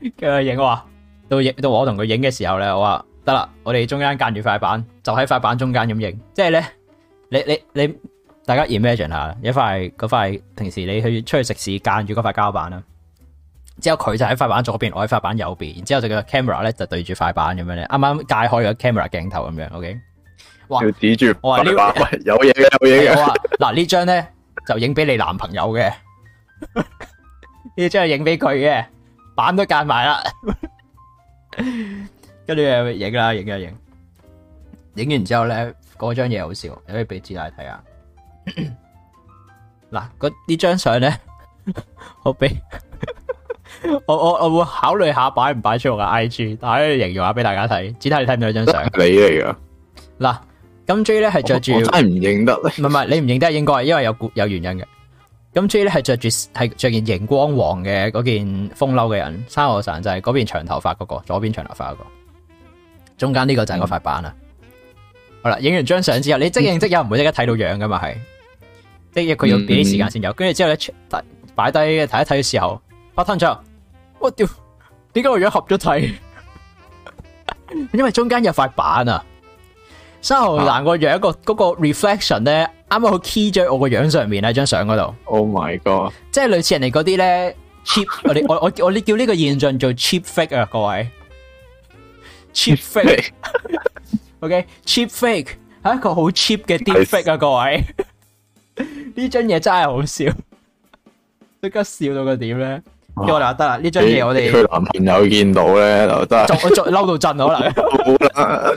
佢去影話，到影到我同佢影嘅時候咧，我話得啦，我哋中間間住塊板，就喺塊板中間咁影，即係咧，你你你，大家 imagine 下，一塊嗰塊平時你去出去食肆間住嗰塊膠板啦，之後佢就喺塊板左邊，我喺塊板右邊，然之後就個 camera 咧就對住塊板咁樣咧，啱啱解開咗 camera 鏡頭咁樣，OK，哇，要指住我話呢，喂，有影嘅，有影嘅，嗱呢張咧就影俾你男朋友嘅，呢張係影俾佢嘅。板都夾埋啦，跟住影啦，影啊影，影完之後咧，嗰張嘢好笑，你可以俾 Gtai 睇下。嗱， 嗰呢張相咧，我俾我我我會考慮下擺唔擺出我 I G，但係形容下俾大家睇，只睇你睇唔到呢張相，你嚟噶。嗱，金 J 咧係着住，真係唔認得咧。唔係唔係，你唔認得應該係，因為有有原因嘅。咁最咧係着住係着件熒光黃嘅嗰件風褸嘅人，生蠔 san 就係嗰邊長頭髮嗰、嗰個，左邊長頭髮嗰、嗰個，中間呢個就係嗰塊板啦。嗯、好啦，影完張相之後，你即影即有唔會即刻睇到樣噶嘛，係即係佢要俾啲時間先有。跟住之後咧，擺低睇一睇嘅時候，發吞咗，我屌，點解我樣合咗睇？因為中間有塊板啊。三號生蠔 san 個樣一個嗰個 reflection 咧，啱啱好 key 咗我個樣上面喺張相嗰度。Oh my god！即係類似人哋嗰啲咧 cheap，我哋我我我哋叫呢個現象做 cheap fake 啊，各位 cheap fake，ok cheap fake 係一個好 cheap 嘅 deep fake 啊，各位呢張嘢真係好笑，即刻笑到個點咧，我哋得啦呢張嘢我哋佢男朋友見到咧就真係，再再嬲到震可能。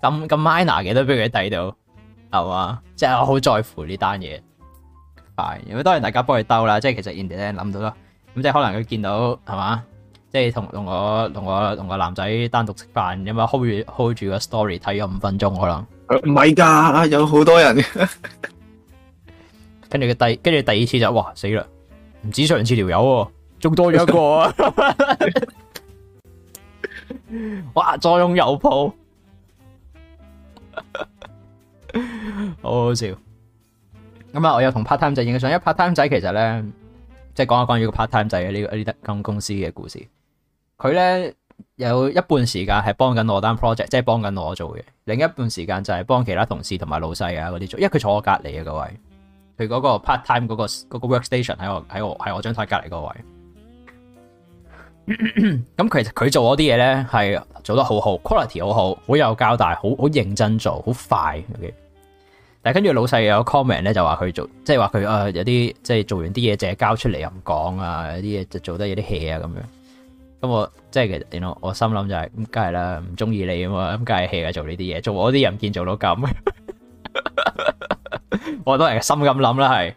咁咁 minor 嘅都俾佢睇到，係嘛？即係我好在乎呢單嘢。係，咁當然大家幫佢兜啦。即係其實人哋咧諗到啦，咁即係可能佢見到係嘛？即係同同我同我同個男仔單獨食飯，有冇 hold 住 hold 住，住，住個 story 睇咗五分鐘可能？唔係噶，有好多人。跟住嘅第跟住第二次就哇死啦！唔止上次條友，仲多咗一個。 哇！左擁右抱。好好笑咁啊、嗯！我有同 part time 仔影相。一 part time 仔其實咧，即係講下關於個 part time 仔嘅呢呢間公司嘅故事。佢咧有一半時間係幫緊我單 project，即係幫緊我做嘅。另一半時間就係幫其他同事同埋老細啊嗰啲做。因為佢坐我隔籬啊個位，佢嗰個 part time 嗰、那個、那個 work station 喺我喺我喺我張台隔籬個位。咁 其實佢做嗰啲嘢咧係做得好好，quality 好好，很好很有交代，好好認真做，好快。Okay? 跟住老細有個 comment 咧，就話佢做，即係話佢啊有啲，即係做完啲嘢淨係交出嚟又唔講啊，有啲嘢就做得有啲 hea 啊咁樣。咁我即係其實點講，我心諗就係、是、咁，梗係啦，唔中意你啊嘛，咁梗係 hea 啊，做呢啲嘢，做我啲人見做到咁， 我都係心想是、啊、然心咁諗啦，係。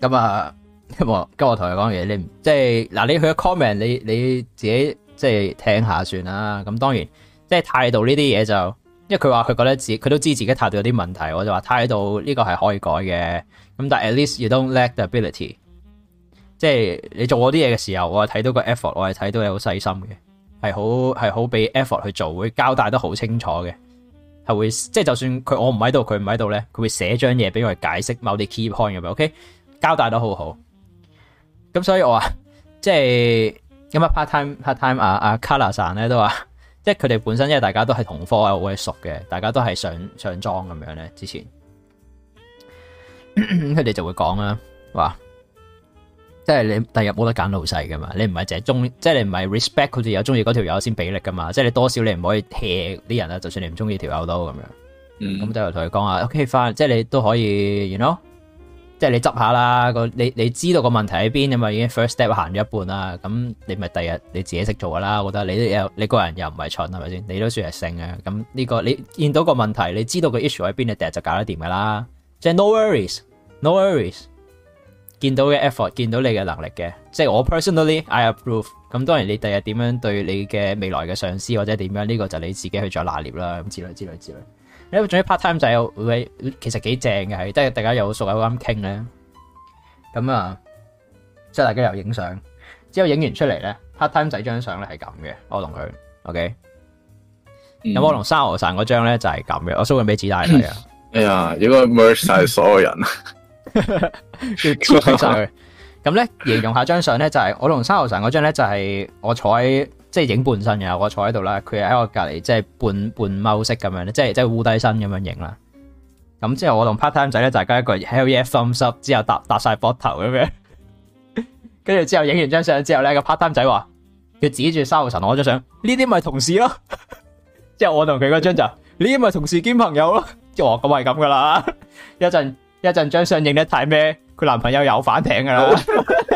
咁啊，咁我跟住我同佢講嘢，你即係嗱，你去嘅 comment，你你自己即係聽一下算啦。咁當然，即係態度呢啲嘢就。因為佢話佢覺得自佢都知自己態度有啲問題，我就話態度呢個係可以改嘅。咁但係 at least you don't lack the ability，即係你做嗰啲嘢嘅時候，我係睇到個 effort，我係睇到你係好細心嘅，係好係好俾 effort 去做，會交代得好清楚嘅，係會即係就算佢我唔喺度，佢唔喺度咧，佢會寫張嘢俾我哋解釋某啲 key point i 咪。OK 交代得好好。咁所以我話即係咁啊 part time part time 啊啊 Carla san 咧都話。即係佢哋本身，因為大家都係同科，又或熟嘅，大家都係上上莊咁樣咧。之前佢哋咳咳就會講啦，話即係你第日冇得揀老細噶嘛，你唔係淨係中，即係你唔係 respect 佢哋有中意嗰條友先俾你噶嘛。即係你多少你唔可以踢啲人啊，就算你唔中意條友都咁樣。咁、嗯、就同佢講啊，OK 翻，即係你都可以完咯。You know? 即係你執下啦，個你你知道個問題喺邊啊嘛，因為已經 first step 行咗一半啦。咁你咪第日你自己識做噶啦。我覺得你都有你個人又唔係蠢係咪先？你都算係醒嘅。咁呢個你見到個問題，你知道個 issue 喺邊，你第日就搞得掂噶啦。即係 no worries，no worries，no worries，見到嘅 effort，見到你嘅能力嘅，即係我 personally，I approve。咁當然你第日點樣對你嘅未來嘅上司或者點樣呢個就你自己去再拿捏啦。咁之類之類之類。你仲有 part time 仔，喂，其實幾正嘅係，即係大家有熟又啱傾咧。咁啊，即係大家又影相，之後影完出嚟咧，part time 仔張相咧係咁嘅，我同佢，OK、嗯。咁我同沙河神嗰張咧就係咁嘅，我收佢俾子袋睇啊。哎呀，如果 merge 晒所有人， 要咁咧形容下張相咧，我就係我同沙河神嗰張咧，就係我坐喺。即係影半身然後，我坐喺度啦，佢喺我隔籬，即係半半踎式咁樣咧，即係即係烏低身咁樣影啦。咁之後我同 part time 仔咧，大家一個喊一聲 thumbs up 之後，搭搭晒膊頭咁樣，跟 住之後影完張相之後咧，個 part time 仔話，佢指住生蠔 san 攞咗相，呢啲咪同事咯。 之後我同佢嗰張就，呢啲咪同事兼朋友咯。之後話咁係咁噶啦，一陣一陣張相影得太咩？佢男朋友有反艇噶啦。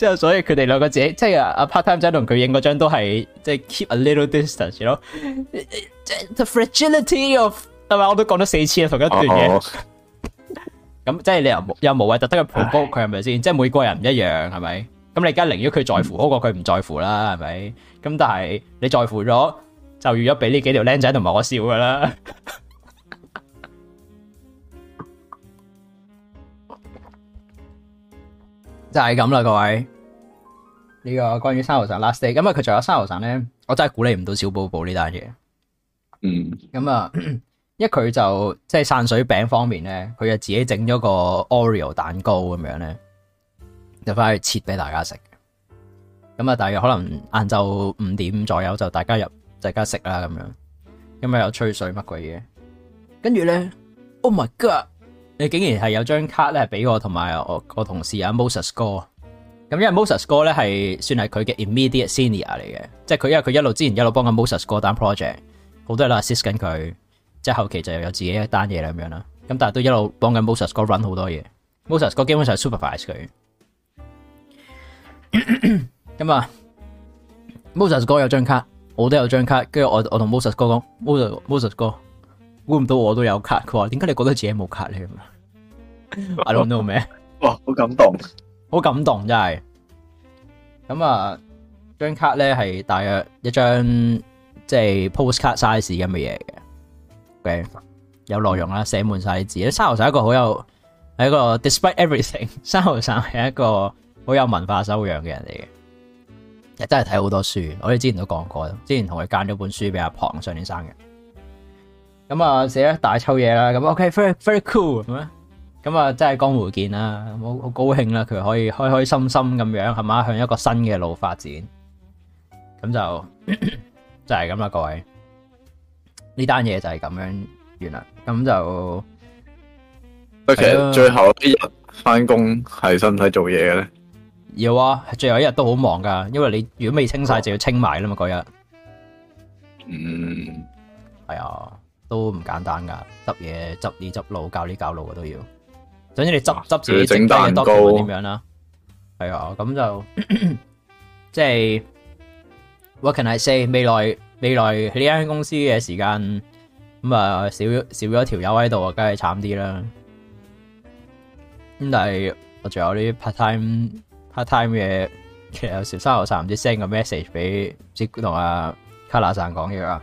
之後所以佢哋兩個自己，即係阿 part time 仔同佢影嗰張都係即係 keep a little distance 咯 you know?，the fragility of 係咪？我都講咗四次啦，同一段嘢。咁即係你又又無謂特登去捧高佢係咪先？即係每個人唔一樣係咪？咁你而家寧願佢在乎，好過佢唔在乎啦，係咪？咁但係你在乎咗，就預咗俾呢幾條僆仔同埋我笑噶啦。 就係咁啦，各位。呢、這個關於生蠔 san last day，咁啊佢仲有生蠔 san 咧，我真係鼓勵唔到小寶寶呢單嘢。嗯。咁啊、嗯，一佢就即係散水餅方面咧，佢就自己整咗個 Oreo 蛋糕咁樣咧，就翻去切俾大家食。咁啊，大約可能晏晝五點左右就大家入，大家食啦咁樣。咁啊、嗯、有吹水乜鬼嘢？跟住咧，Oh my God！你竟然係有張卡咧，係俾我,我同埋我個同事阿 Moses 哥，咁因為 Moses 哥咧係算係佢嘅 Immediate Senior 嚟嘅，即係佢因為佢一路之前一路幫緊 Moses 哥單 project，好多人都 assist 緊佢，即係後期就又有自己一單嘢咁樣啦，咁但係都一路幫緊 Moses 哥 run 好多嘢，Moses 哥基本上 supervise 佢。咁啊咳咳，Moses 哥有張卡，我都有張卡，跟住我我同 Moses 哥講，Moses Moses 哥。估唔到我都有卡，佢話點解你覺得自己冇卡呢 I don't know 咩，哇，好感動， 好感動真係。咁啊，張卡咧係大約一張即係、就是、postcard size 咁嘅嘢嘅，OK，有內容啦、啊，寫滿晒啲字。生蠔 san 一個好有，係一個 despite everything，生蠔 san 係一個好有文化修養嘅人嚟嘅，真係係睇好多書。我哋之前都講過，之前同佢揀咗本書俾阿龐上年生日。咁啊，寫一大抽嘢啦，咁 OK，very very cool 咁啊，咁啊，真係江湖見啦，好好高興啦，佢可以開開心心咁樣係嘛，向一個新嘅路發展，咁就就係咁啦，各位呢單嘢就係咁樣，完啦咁就，Okay, 啊，其實最後一日翻工係使唔使做嘢嘅咧？要啊，最後一日都好忙噶，因為你如果未清晒就要清埋啦嘛，嗰日，嗯，係啊。都唔簡單噶，執嘢執呢執路，教呢教路嘅都要。總之你執執自己整單多啲點樣啦？係啊，咁就 即係 what can I say，未來未來呢間公司嘅時間咁啊，少少咗條友喺度啊，梗係慘啲啦。咁但係我仲有啲 part time part time 嘅，其實有時生蠔 san 唔知 send 個 message 俾同阿卡拿 san 講嘢啊。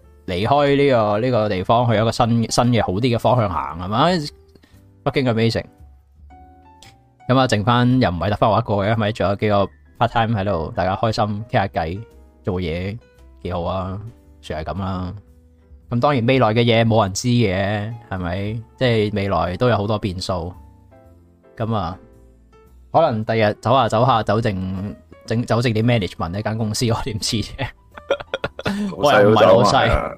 離開呢個呢個地方去一個新新嘅好啲嘅方向行啊嘛，北京嘅 Amazing，咁啊剩翻又唔係得翻我一個嘅，係咪仲有幾個 part time 喺度，大家開心傾下偈，做嘢幾好啊，算係咁啦。咁當然未來嘅嘢冇人知嘅，係咪？即係未來都有好多變數。咁啊，可能第日走下走下走正整走正啲 management 呢間公司，我點知啫？我又唔係老細，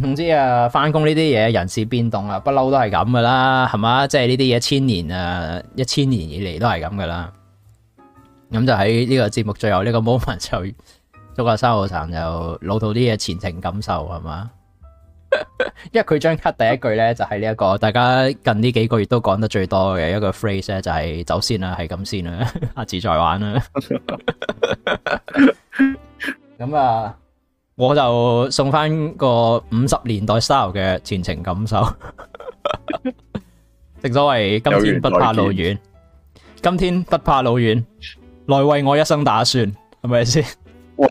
總之啊，翻工，呢啲嘢，人事變動啊，不嬲都係咁噶啦，係嘛？即係呢啲嘢千年啊，一千年以嚟都係咁噶啦。咁就喺呢個節目最後呢，呢個 moment 就祝個生蠔 san 就老土啲嘢前程錦繡，係嘛？ 因為佢張卡第一句咧就係呢一個大家近呢幾個月都講得最多嘅一個 phrase 咧就係、是、走先啦、啊，係咁先啦、啊，下次再玩啦、啊。咁 啊，我就送翻個五十年代 style 嘅前程錦繡。 正所謂今天不怕路遠，今天不怕路遠，來為我一生打算，係咪先？哇！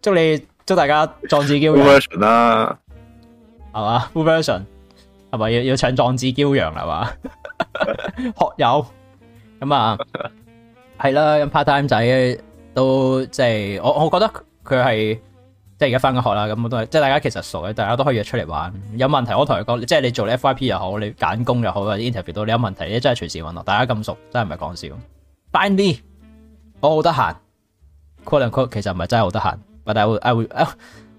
祝你祝大家壯志高遠 係嘛？Full version 係咪要要唱壯志驕陽啦？嘛 學友咁啊，係啦。咁 part time 仔都即係、就是、我，我覺得佢係即係而家翻緊學啦。咁我都即係、就是、大家其實熟嘅，大家都可以約出嚟玩。有問題我同佢講，即、就、係、是、你做你 FYP 又好，你揀工又好，或者 interview 到你有問題，你真係隨時搵我。大家咁熟真係唔係講笑。Find me，我好得閒。Qu quote and quote，其實唔係真係好得閒，但我我會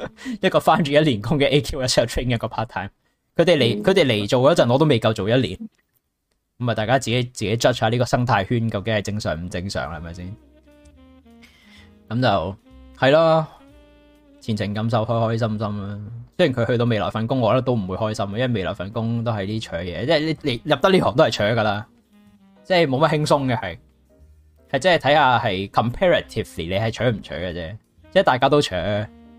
一個翻住一年工嘅 A. Q. S. training 一個 part time，佢哋嚟佢哋嚟做嗰陣，我都未夠做一年。咁啊，大家自己自己 judge 下呢個生態圈，究竟係正常唔正常啦？係咪先咁就係咯？前程錦繡開開心心啦、啊。雖然佢去到未來份工，我覺得都唔會開心，因為未來份工都係啲取嘢，即係你你入得呢行都係取噶啦，即係冇乜輕鬆嘅係係即係睇下係 comparatively 你係取唔取嘅啫，即係大家都取。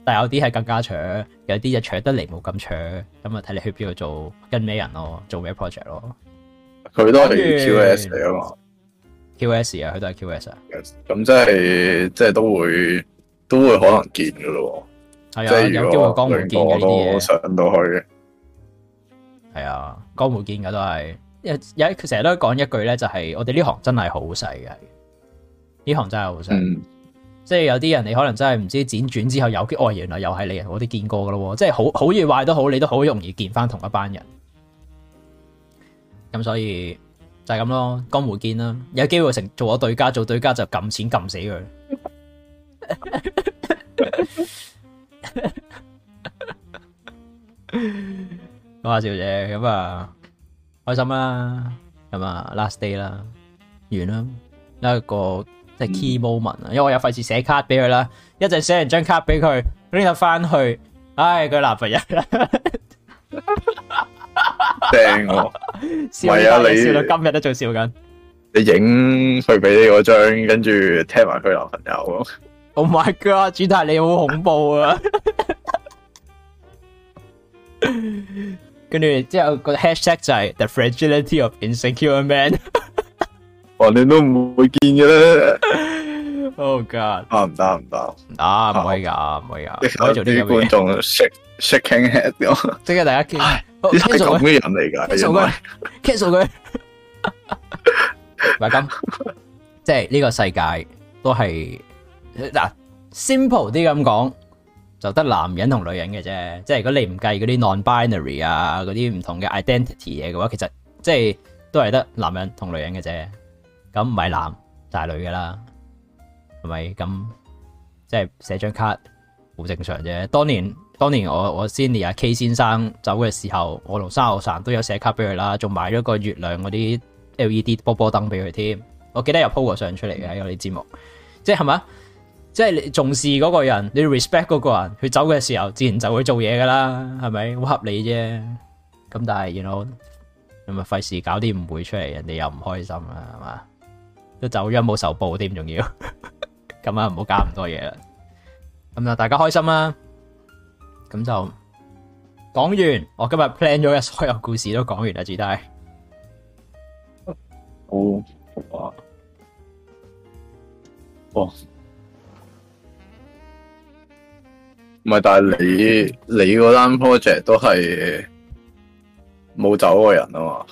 但有啲係更加搶，有啲就搶得嚟冇咁搶，咁啊，睇你去邊度做，跟咩人咯，做咩 project 咯。佢都係 QS 嚟啊嘛，哎呀，QS 啊，佢都係 QS 啊。咁即係即係都會都會可能見噶咯喎。係啊的，有機會江湖見嘅呢啲嘢。上到去，嘅。係啊，江湖見嘅都係有，有佢成日都講一句咧，就係我哋呢行真係好細嘅，呢行真係好細。嗯即係有啲人你可能真係唔知輾轉之後有啲哦，原來又係你呀我啲見過噶咯，即係好好與壞都好，你都好容易見翻同一班人。咁所以就係咁咯，江湖見啦，有機會成做咗對家，做對家就撳錢撳死佢。阿小姐咁啊，開心啦，咁啊 last day 啦，完啦，呢一個。即係 key moment 啊，因為我有費事寫卡俾佢啦，寫一陣寫完張卡俾佢拎咗翻去，唉，佢男朋友！ 正喎，唔係啊，啊笑你笑到今日都仲笑緊，你影佢俾你嗰張，跟住聽埋佢男朋友！Oh my god，主太你好恐怖啊！跟 住 之後個 hashtag 就係 The Fragility of Insecure Man。 我你都唔會見嘅啦。Oh God，打唔得，唔得，唔打，唔可以噶，唔可以噶。你睇做啲觀眾 shaking shaking head 即刻大家見。你係咁嘅人嚟噶，catch 數據，catch 數據。咪咁，即係呢個世界都係嗱 simple 啲咁講，就得男人同女人嘅啫。即係如果你唔計嗰啲 non-binary 啊，嗰啲唔同嘅 identity 嘢嘅話，其實即係都係得男人同女人嘅啫。咁唔係男，就係女嘅啦，係咪？咁即係寫張卡好正常啫。當年，當年我我 Senior 啊 K 先生走嘅時候，我同三號神都有寫卡俾佢啦，仲買咗個月亮嗰啲 LED 波波燈俾佢添。我記得有 po 過相出嚟嘅有啲節目，即係係咪？即係你重視嗰個人，你 respect 嗰個人，佢走嘅時候自然就會做嘢噶啦，係咪？好合理啫。咁但係 you know, 然後，咁啊費事搞啲誤會出嚟，人哋又唔開心啦，係嘛？都走咗，冇仇報啲咁重要。今晚唔好搞咁多嘢啦。咁就大家開心啦。咁就講完。我今日 plan 咗嘅所有故事都講完啦，主帶。好啊。哦。唔係，但係你你嗰單 project 都係冇走過人啊嘛。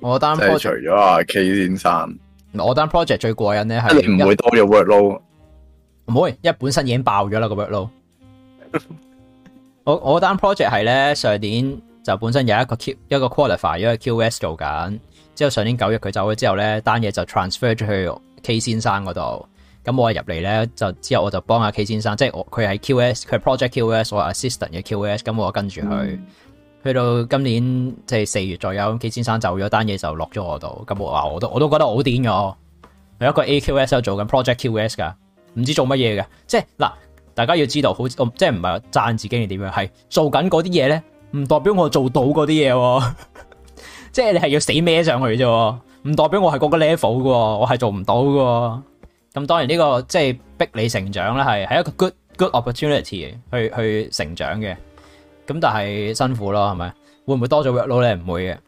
我單 project 除咗阿 K 先生。我單 project 最過癮咧，係唔會多嘅 work load。唔會，因為本身已經爆咗啦個 work load。 我我單 project 係咧，上年就本身有一個 Q 一,一個 qualify 一個 QS 做緊。之後上年九月佢走咗之後咧，單嘢就 transfer 咗去 K 先生嗰度。咁我入嚟咧就之後我就幫阿 K 先生，即係我佢係 QS，佢 project QS 我 assistant 嘅 QS，咁我跟住佢。嗯去到今年即係四月左右，K 先生就走咗，單嘢就落咗我度。咁我話我都我都覺得好癲喎！有一個 AQS 又做緊 project QS 噶，唔知做乜嘢嘅。即係嗱，大家要知道，好即係唔係話讚自己係點樣？係做緊嗰啲嘢咧，唔代表我做到嗰啲嘢。 即係你係要死孭上去啫，唔代表我係嗰個 level 喎，我係做唔到喎。咁當然呢個即係逼你成長咧，係係一個 good good opportunity 去去成長嘅。咁但係辛苦咯，係咪？會唔會多咗 workload 咧？唔會嘅，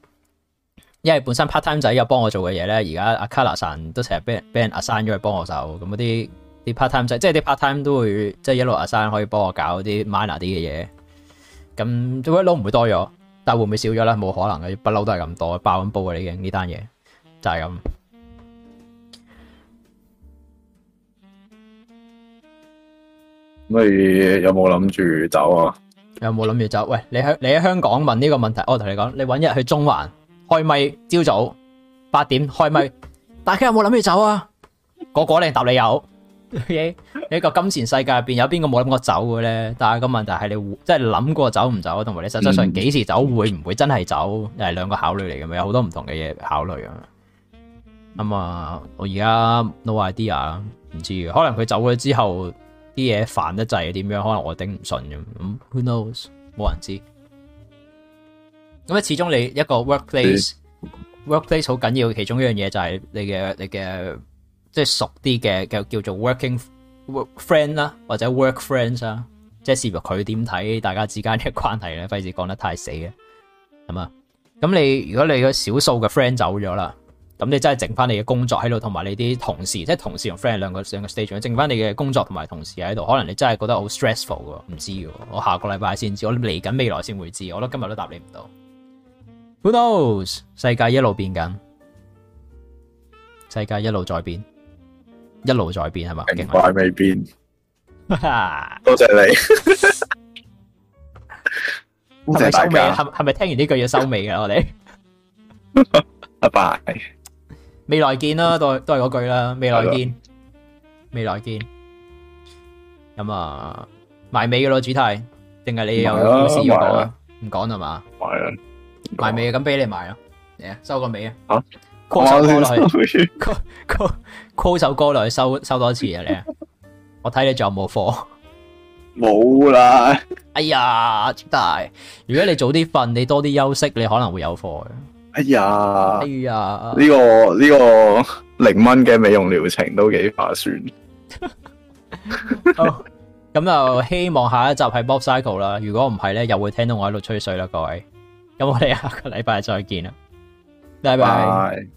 因為本身 part time 仔有幫我做嘅嘢咧，而家阿卡拉神都成日俾人俾人 assign 咗去幫我手，咁嗰啲啲 part time 仔，即係啲 part time 都會即係、就是、一路 assign 可以幫我搞啲 minor 啲嘅嘢。咁 workload 唔會多咗，但會唔會少咗咧？冇可能嘅，不嬲都係咁多，爆緊煲嘅已經呢單嘢就係、是、咁。咁你有冇諗住走啊？有冇諗住走？喂，你喺你喺香港問呢個問題，我同你講，你搵日去中環開咪朝早八點開咪。開咪 大家有冇諗住走啊？個個你答你有，你、okay? 個金錢世界入邊，有邊個冇諗過走嘅咧？但係個問題係你即係諗過走唔走，同埋你實質上幾時走，會唔會真係走，係兩個考慮嚟嘅。有好多唔同嘅嘢考慮啊。咁啊，我而家 no idea，唔知，可能佢走咗之後。啲嘢煩得滯，點樣可能我頂唔順咁，咁 who knows，冇人知。咁咧，始終你一個 workplace，workplace 好緊要，其中一樣嘢就係你嘅你嘅即係熟啲嘅叫叫做 working work friend 啦，或者 work friends 啊，即係視乎佢點睇大家之間嘅關係咧，費事講得太死嘅。係咪？咁你如果你個少數嘅 friend 走咗啦。咁你真係整翻你嘅工作喺度，同埋你啲同事，即係同事同 friend 兩個兩個 stage，整翻你嘅工作同埋同事喺度，可能你真係覺得好 stressful 噶，唔知噶，我下個禮拜先知，我嚟緊未來先會知，我諗今日都答你唔到。Who knows？世界一路變緊，世界一路在變，一路在變係嘛？怪未變？多 謝，謝你，係 咪收尾？係咪聽完呢句要收尾噶？我哋，拜拜。未來見啦，都都係嗰句啦，未來見，了未來見。咁啊，埋尾噶咯，主題定係你有公事要講啊？唔講係嘛？埋啦，埋尾咁畀你埋咯。你啊，收個尾啊。Call 啊，call 首歌落去，call call call 首歌落去收收多次啊你。我睇你仲有冇貨？冇啦 了。哎呀，大，如果你早啲瞓，你多啲休息，你可能會有貨嘅。哎呀，呢、哎呀呢個呢、呢個零蚊嘅美容療程都幾划算。咁就希望下一集係 Bob Cycle 啦。如果唔係咧，又會聽到我喺度吹水啦，各位。咁我哋下個禮拜再見啦，拜拜 Bye。